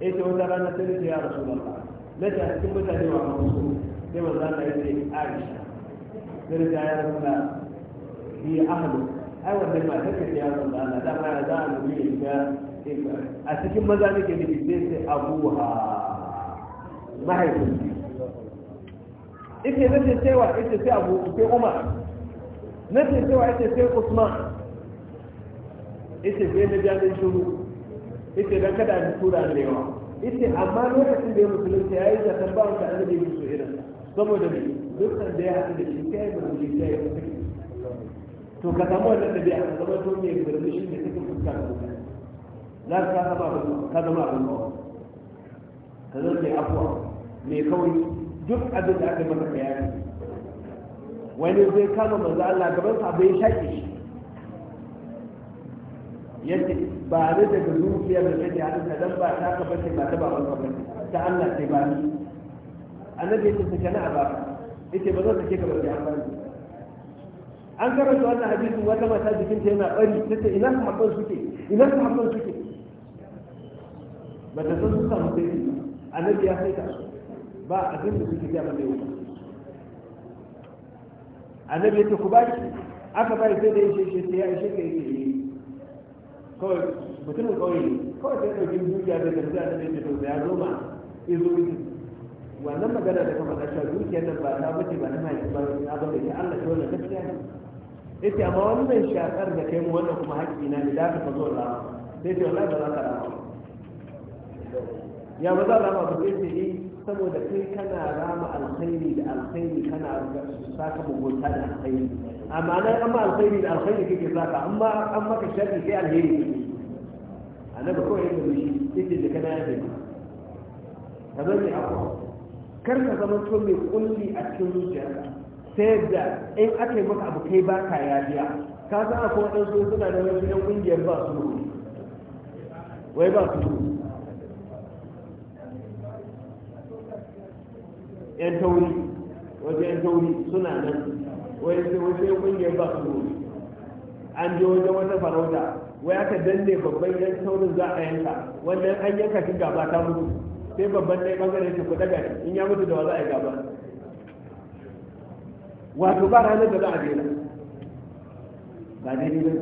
Ya ce wata rana sai ta ya rasu ba na ta cikin mutane wa kan su sai ba za ta yi sai aisha sai ta ya rasu da bi ahlu ai wannan ma take ya rasu da Allah da ma za a nuna a cikin maza nake nufi sai sai abuha mahaifin ita nace cewa ita sai abu sai umar nace cewa ita sai usman ita sai na jami'in shuru ita dan kada da tura da yawa ita amma lokacin da ya musulunta ya yi zaton ba wanda an rage musu irin saboda mai dukkan da ya haɗu da shi ta yi musulunci ta yi to ka samu wannan tabi'a ka zama to mai shi ne cikin fuska da لا كذا ما كذا ما في الموضوع هذا اللي أقوى ميكون جزء من هذا من الحياة وين زي كانوا مزعل قبل أبي شيء يعني بعد ذا جزوم فيها من غير يعني هذا ما شاك بس ما تبع الله تعالى تبعني أنا جيت من كنا أبغى إنت بدور تجيك بس يا أبغى أنا كرر سؤال حديث وهذا ما تجد فيه أنا أريد تسأل إنك حطون سكين إنك حطون سكين ba ta san su samu sai annabi ya sai ta ba abin da suke gaba da yau annabi ya ce ku baki aka bai sai da ishe shi sai ya ishe ka yake yi kawai mutumin kawai ne kawai sai ɗauki dukiya da gamsu annabi ya ce to ya zo ma ba zo wannan magana da kama ta shafi dukiyar nan ba ta bace ba na mahaifi ba abin da ke Allah ta wannan gaskiya ne yace amma wannan shakar da kai mu wannan kuma haƙƙi na ne da ka zo da sai ce wallahi ba za ka rawa ya ba zan rama ba ce ne eh, saboda kai kana rama alkhairi da alkhairi kana saka mugunta da alkhairi amma na amma alkhairi da alkhairi kake saka amma an maka sharri sai alheri a nan kawai ya gaba shi yace da kana yafe ka zan ne akwa kar ka zama to mai kulli a cikin zuciya sai da in aka yi maka abu kai ba ka yariya ka san akwai waɗansu suna da wasu yan ƙungiyar ba su wai ba su yan tauri wasu yan tauri suna nan wasu yan kungiyar ba su an je wajen wata farauta wai aka danne babban yan taurin za a yanka wannan an yanka shi gaba ta mutu sai babban ɗaya bangaren shi kuɗa gari in ya mutu da wa za a yi gaba wato ba ranar da za a daina ba daidai ba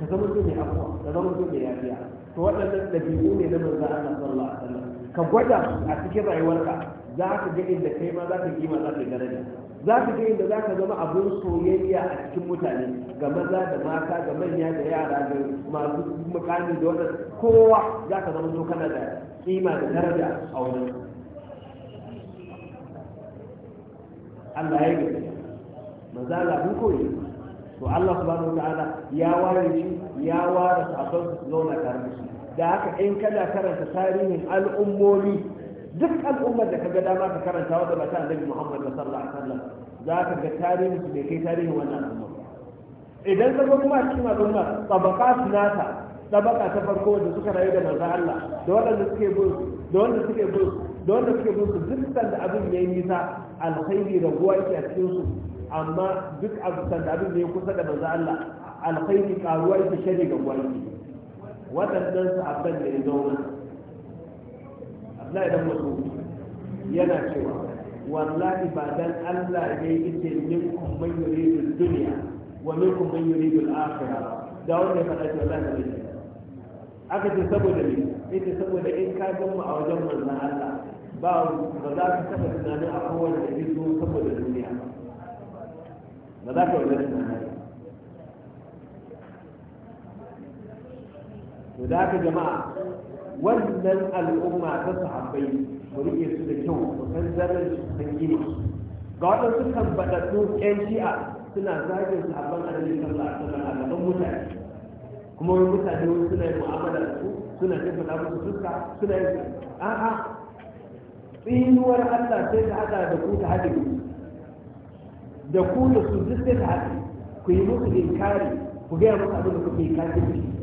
ka zama su ne abuwa ka zama su ne yafiya to waɗannan ɗabi'u ne na manzo Allah sallallahu alaihi wasallam ka gwada a cikin rayuwarka za ka ga inda kai ma za ka kima za ka daraja za ka ga inda za ka zama abin soyayya a cikin mutane ga maza da mata ga manya da yara da masu mukami da wannan kowa za ka zama to kana da kima da daraja a wurin Allah ya yi maza labin koyi to Allah subhanahu ta'ala ya ware shi ya ware sabon zauna tare da shi da haka in kana karanta tarihin al'ummomi duk al'ummar da ga dama ka karanta wadda ba ta Muhammad Muhammad sallallahu alaihi wasallam za ka ga tarihin su bai kai tarihin wannan al'ummar idan ka ga kuma cikin al'ummar tabaqat nata tabaka ta farko da suka rayu da manzon Allah da wanda suke bin da wanda suke bin da wanda suke bin su duk sanda abin yayi nisa alkhairi da ruwa yake a cikin su amma duk sanda abin da ya kusa da manzon Allah alkhairi karuwa yake shari ga ruwa yake waɗannan sahabban da ya zauna abdullahi idan mutu yana cewa wallahi ba dan Allah ne yake minkum man yuridu duniya wa minkum man yuridu al-akhirah da wanda ya faɗa cewa Allah ne aka ce saboda ne yake saboda in ka gan mu a wajen manzon Allah ba ba za ka taba tunanin a kowane da zo saboda duniya ba za ka wajen tunanin to da haka jama'a wannan al'umma ta sahabbai mu rike su da kyau mu san zarar su san gini ga waɗansu kan baɗaɗɗu ƴan shi'a suna zagin sahabban annabi sallallahu alaihi wasallam a mutane kuma wani mutane wani suna yin mu'amala da su suna jin faɗa musu suka suna yin a'a tsinuwar Allah sai ta haɗa da ku ta hadin da ku da su duk sai ta hadin ku yi musu inkari ku gaya musu abin da kuke shi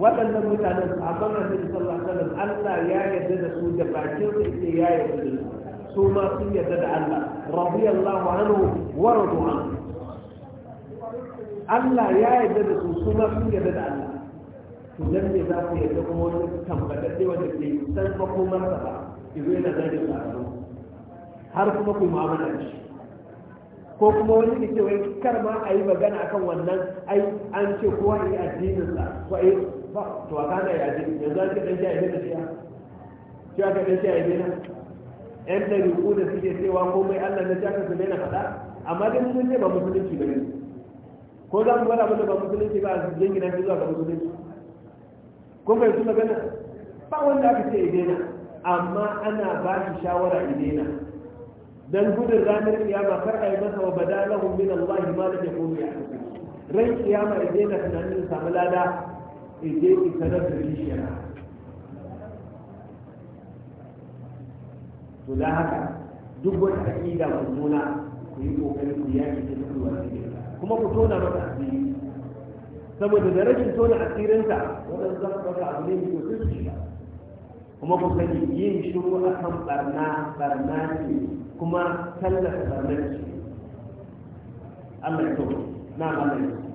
waɗannan mutanen a banar da sallallahu alaihi Allah ya yarda da su da bakin su ce ya yarda da su su ma sun yarda da Allah radiyallahu anhu wa radu anhu Allah ya yarda da su su ma sun yarda da Allah to nan ne za ku yarda kuma wani tambadadde wanda ke san makomar sa ba izo yana zai da su har kuma ku mu'amala da shi ko kuma wani ne ce wai kar ma a yi magana akan wannan ai an ce kowa ya yi addinin sa ko ba to a kana ya ji yanzu ake dan shaye da shiya shi aka dan shaye da yan ɗariƙu da suke cewa komai allah na jaka su daina faɗa amma dai sun ce ba musulunci ba ne ko za mu gwada mana ba musulunci ba a jingina shi zuwa ga musulunci ko bai su magana ba wanda aka ce ya daina amma ana ba shi shawara ya daina dan gudun ranar kiyama kar a yi masa wa badalahum min Allah ma lam yakunu ya ran kiyama ya daina tunanin samu lada ije ki da da kishiya to da haka duk wata aƙida mummuna ku yi ƙoƙarin ku ya yaƙi ta duk wani kuma ku tona masa asiri saboda da rashin tona asirinsa waɗanda za su ɗauka abu ne mai sosai su shiga kuma ku sani yin shiru a kan ɓarna ɓarna ce kuma tallata ɓarna ce Allah ya so na Allah ya so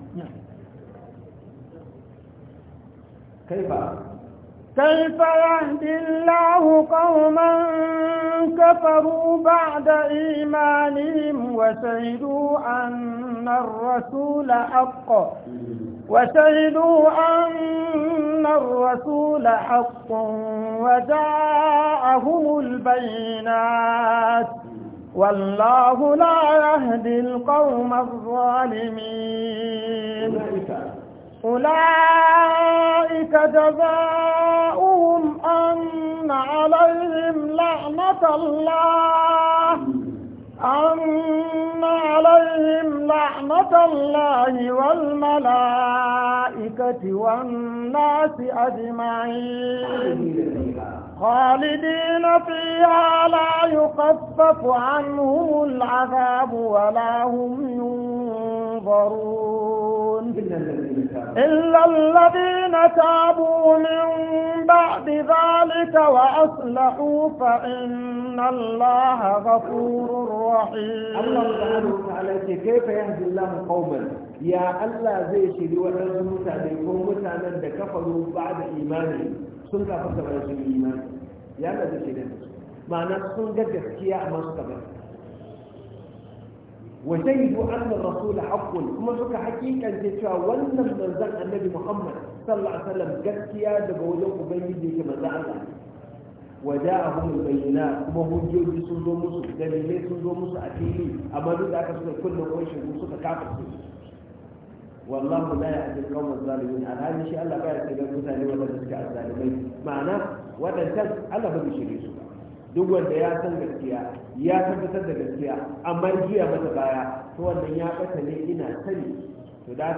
كيف كيف يهدي الله قوما كفروا بعد إيمانهم وشهدوا أن الرسول حق وشهدوا أن الرسول حق وجاءهم البينات والله لا يهدي القوم الظالمين أولئك جزاؤهم أن عليهم لعنة الله أن عليهم لعنة الله والملائكة والناس أجمعين خالدين فيها لا يخفف عنهم العذاب ولا هم ينصرون ينظرون إلا الذين تابوا من بعد ذلك وأصلحوا فإن الله غفور رحيم الله سبحانه وتعالى كيف يهدي الله قوما يا الله زي شيء وحده متعلمكم متعلم كفروا بعد إيمانهم سنك فكرة الإيمان يا الله زي شيء معنى سنك تسكية أما سنك wa shaidu anna rasul haqqun kuma suka hakikanci cewa wannan manzon annabi muhammad sallallahu gaskiya daga wajen ubangiji yake manzon allah wa ja'ahu min bayyana kuma hujjoji sun zo musu dalilai sun zo musu a fili amma duk da aka suka kulle kwashin su suka kafa su wallahu la ya'dil qawm az-zalimin an hadi shi allah ba ya tsaya mutane wannan suke az-zalimai ma'ana wadannan allah ba shi su duk wanda ya san gaskiya ya tabbatar da gaskiya amma jiya mata baya to wannan ya bata ne ina sani to da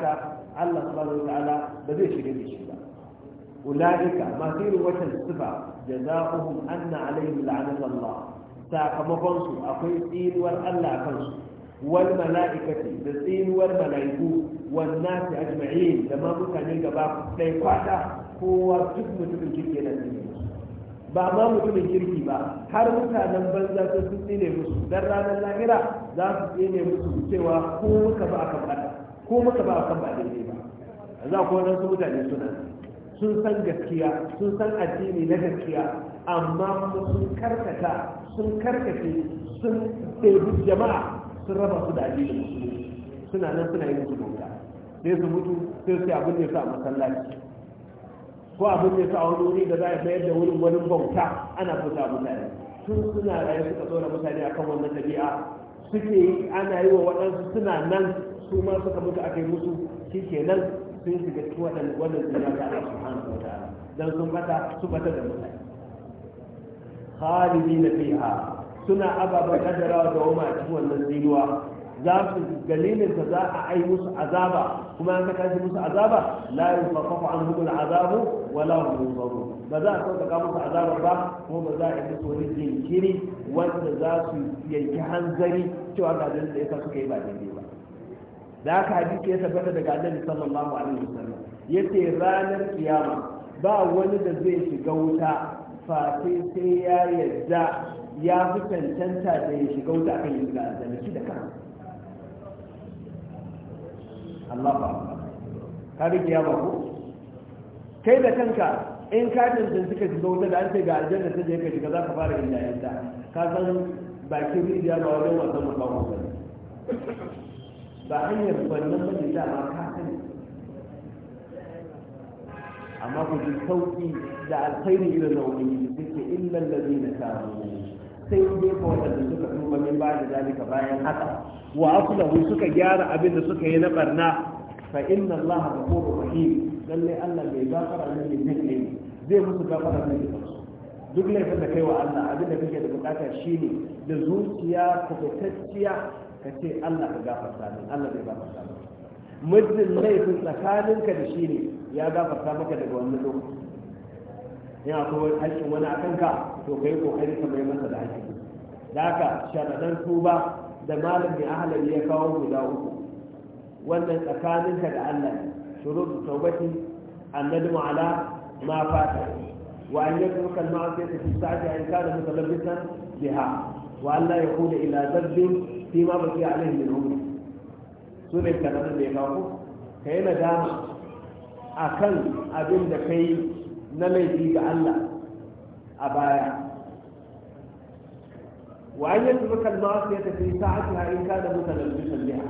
Allah subhanahu wataala ba zai shiga da shi ba ulaika masu irin watan sifa jaza'uhum anna alaihim la'anat Allah sakamakon su akwai tsinuwar Allah a su wal mala'ikati da tsinuwar mala'iku wan nasi ajma'in da ma mutane gaba ɗaya kwata kowa duk mutumin kirki yana tsinuwa ba ma mutumin kirki ba har mutanen banza ta sun tsine musu dan ranar lahira za su tsine musu cewa ko muka ba akan ba ko muka ba akan ba daidai ba za ko wannan su mutane suna sun san gaskiya sun san addini na gaskiya amma sun karkata sun karkace sun ɗebi jama'a sun raba su da addini musulmi suna nan suna yin su sai su mutu sai su abin da ya sa masallaci ko abin da sa wani wuri da za a mayar da wurin wani bauta ana bauta mutane tun suna raye suka tsora mutane akan wannan tabi'a suke ana yi wa waɗansu suna nan su ma suka mutu aka yi musu shi kenan sun shiga cikin waɗannan wannan zina ta Allah subhanahu wa ta'ala dan sun bata su bata da mutane khalidina fiha suna ababen kadarawa da wama a cikin wannan zinuwa za su dalilin da za a ai musu azaba kuma an saka shi musu azaba la yufaqafu anhum al'azabu wa la hum yunzarun ba za a sauƙaƙa musu azaba ba kuma ba za a yi musu wani jinkiri wanda za su yanki hanzari cewa ga dalilin da yasa suka yi ba daidai ba da haka hadisi ya tabbata daga annabi sallallahu alaihi wasallam yace ranar kiyama ba wani da zai shiga wuta face sai ya yadda ya fi cancanta da ya shiga wuta akan yin ga aljanna da kansa Allah ba ka rike ya ba kai da kanka in ka tantance suka shiga wuta da an ce ga aljanna ta je ka shiga za ka fara yin yayanta ka san bakin rijiya ba wajen wasan mu ba ko ba hanyar bannan ba da ma ka sani amma ku ji sauki da alkhairi irin na ubangiji sai ke illal ladina kafaru sai dai ko wanda suka tuba min ba da zalika bayan haka wa aslahu suka gyara abin da suka yi na barna fa inna Allah ghafurur rahim lalle Allah bai gafara ne ne ne zai musu gafara ne duk laifin da kai wa Allah abin da kake da bukata shine da zuciya kubutacciya ka ce Allah ka gafarta min Allah bai gafarta min muddin laifin tsakaninka da shine ya gafarta maka daga wannan lokaci yana akwai aikin wani akan ka to kai kokari ka mai masa da haƙƙi da haka sharadan tuba da malam mai ahalari ya kawo guda uku wannan tsakaninka da Allah shurut tawbati annadmu ala ma fata wa an yatruka al ma'siyata fi sa'ati an kana mutalabbisan biha wa an la yaqula ila dhanbin fi ma baqi alayhi min umri so ne kana da ya kawo kai nadama kan abin da kai na laifi ga Allah a baya wa an yadda muka ma ya tafi haka ha in da muka da bisan biya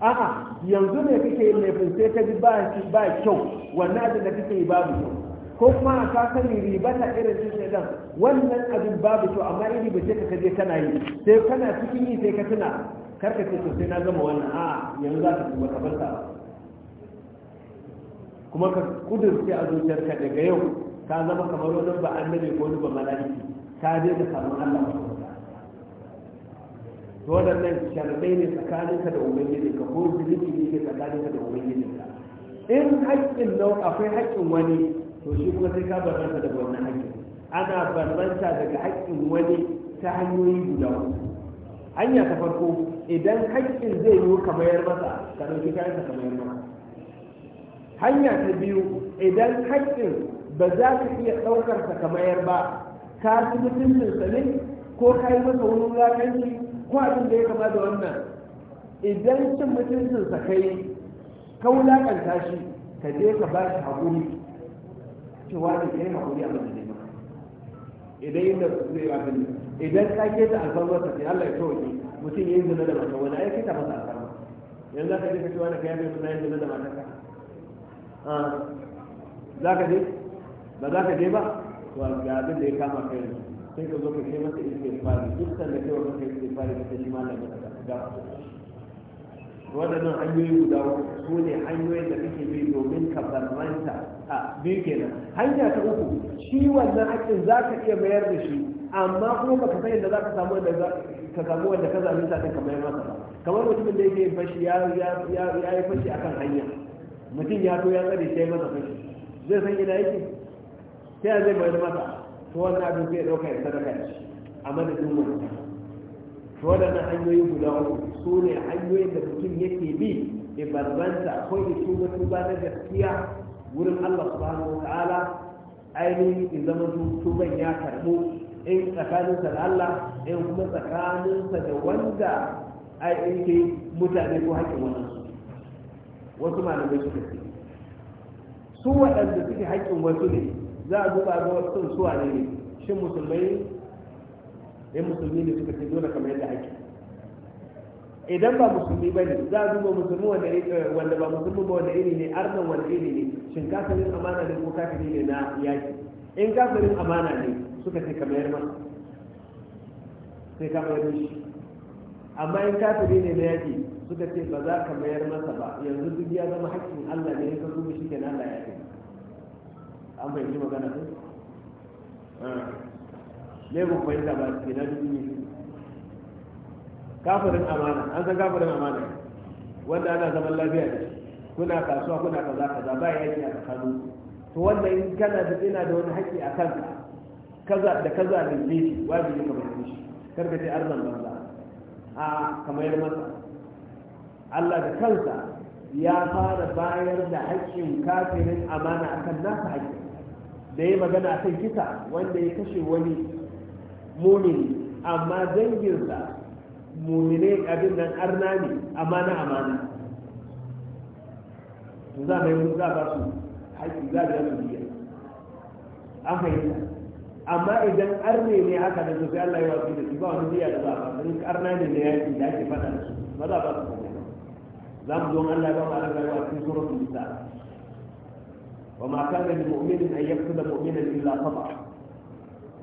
a'a yanzu ne kake yin laifin sai ka ji ba shi ba kyau wannan abin da kake yi babu kyau ko kuma ka sani riba ta irin su dan wannan abin babu kyau amma iri ba sai ka kaje kana yi sai kana cikin yi sai ka tuna karka ce to na gama wannan a'a yanzu za ka tuba ka bar ba kuma ka kudurce a zuciyarka daga yau ka zama kamar wani ba annabi ko wani ba mala'iki ka je da samun Allah ba to wannan sharbai ne ka da ubangiji ka ko zunubi ne ke ka da ubangiji ka in haƙƙin nau akwai haƙƙin wani to shi kuma sai ka barbanta daga wannan haƙƙin ana barbanta daga haƙƙin wani ta hanyoyi guda uku hanya ta farko idan haƙƙin zai yi ka mayar masa ka ɗauki kayansa ka mayar masa hanya ta biyu idan haƙƙin ba za ka iya ɗaukar ka mayar ba ka fi mutuncin sa ne ko ka yi masa wani wulaƙanci ko abin da ya kama da wannan idan cin mutuncin sa kai ka wulaƙanta shi ka je ka ba shi haƙuri cewa da ke haƙuri a madadin idan yin da zai yi abin idan ka ke ta alfarmarsa sai Allah ya tawaye mutum ya yi zina da mata wani ta masa alfarma yanzu za ka je ka ce wani ka yi zina da mata ka Ah, za ka je ba za ka je ba to ga abin da ya kama kai ne sai ka zo ka kai masa istighfari duk sanda kai wanda kai istighfari ka shi ma da masa ga waɗannan hanyoyi guda su ne hanyoyin da kake bi domin ka barranta a biyu kenan hanya ta uku shi wannan haƙƙin za ka iya mayar da shi amma kuma baka san yadda za ka samu wanda ka samu wanda ka zalunta din ka mayar masa ba kamar mutumin da yake fashi ya ya ya yi fashi akan hanya mutum ya to ya tsari sai masa fashi zai san ina yake sai zai bayar mata, to wannan abin sai ya dauka ya sadaka shi a madadin wani to waɗannan hanyoyi guda uku su ne hanyoyin da mutum yake bi ya barbanta ko ya tuba tuba na gaskiya wurin Allah subhanahu wa ta'ala ainihin in zama tuban ya karɓo in tsakaninsa da Allah in kuma tsakaninsa da wanda ai mutane ko haƙƙin wannan wasu malamai suka ce su waɗanda suke haƙƙin wasu ne za a duba ga wasu suwa ne ne shi musulmai ne eh, musulmi ne suka ce dole kamar yadda haƙƙi idan ba musulmi ba ne za a duba musulmi eh, wanda ba musulmi ba wanda iri ne arnan wanda iri ne shin kafirin amana ne ko kafiri ne na yaki in kafirin amana ne suka ce kamar yadda sai kamar yadda shi amma in kafiri ne na yaki suka ce ba za ka mayar masa ba yanzu duk ya zama hakkin Allah ne ka zuba shi kenan Allah ya ce an fahimci magana ko ne ah. ba fahimta ba ke na duk ne kafirin amana an san kafirin amana wanda ana zaman lafiya da shi kuna kasuwa kuna kaza kaza ba ya yi a kanu to wanda in kana da ina da wani haƙƙi a kanka kaza da kaza da shi wajibi ka bayyana shi ka ce arzan banza a ah, kamar masa Allah da kansa ya fara bayar da haƙƙin kafirin amana akan nasa haƙƙi da ya magana kan kisa wanda ya kashe wani mumin amma danginsa mumine abin nan arna ne amana amana za mai mun za ba su haƙƙi za da su biya an fahimta amma idan arne ne haka da su sai Allah ya wasu da su ba wani biya da za ba don arna ne da yi da ake fada da su ba za ba su za mu zo Allah ba mu rayuwa cikin suratul nisa wa ma kana lil mu'minin an yaqtula mu'minan illa khata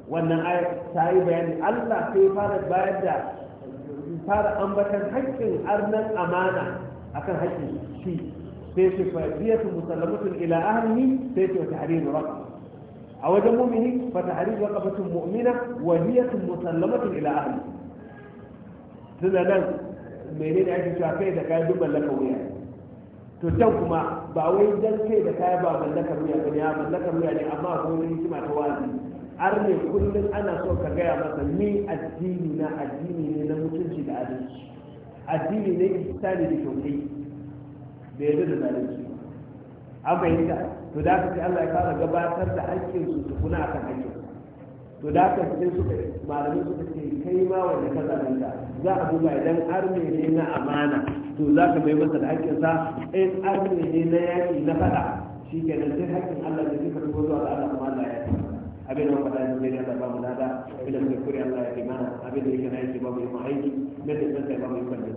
wannan ayat ta yi bayani Allah sai fara bayar da fara ambatan haƙƙin arnan amana akan haƙƙin shi sai ce fa diyatu musallamatun ila ahlihi sai ce tahriru raqaba a wajen mumini fa tahriru raqabatun mu'mina wa diyatu musallamatun ila ahlihi tunanan menene ake cewa kai da kai duk mallaka wuya to dan kuma ba wai dan kai da kai ba mallakar wuya ba ne ya mallaka wuya ne amma ne shi ma ta wani har ne kullum ana so ka gaya masa ni addini na addini ne na mutunci da adalci addini ne isani da kyautai da yadda da zalunci an fahimta to da ka ce Allah ya fara gabatar da hakkin su kuna akan hakkin to da ka ce su malamin su ce kai ma wanda ka zalunta za a buga idan arme ne na amana to za ka mai masa da haƙƙinsa in arme ne na yaki na faɗa shi nan sai Allah da duka tuko zuwa ga Allah kuma Allah ya yi abin da ne da da mai kuri Allah ya abin da yake na yake babu aiki na da santa babu yi kwanci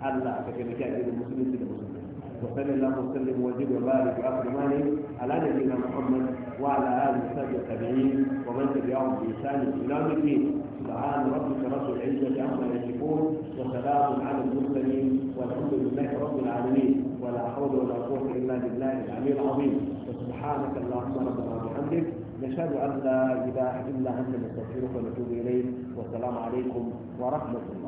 Allah ka a musulunci da musulunci وصلى الله وسلم وزد وبارك واكرماني على نبينا محمد وعلى اله وصحبه التابعين ومن تبعهم باحسان الى يوم الدين سبحان ربك رب العزه عما يصفون وسلام على المرسلين والحمد لله رب العالمين ولا حول ولا قوه الا بالله العلي العظيم وسبحانك اللهم ربنا وبحمدك نشهد ان لا اله الا انت نستغفرك ونتوب اليك والسلام عليكم ورحمه الله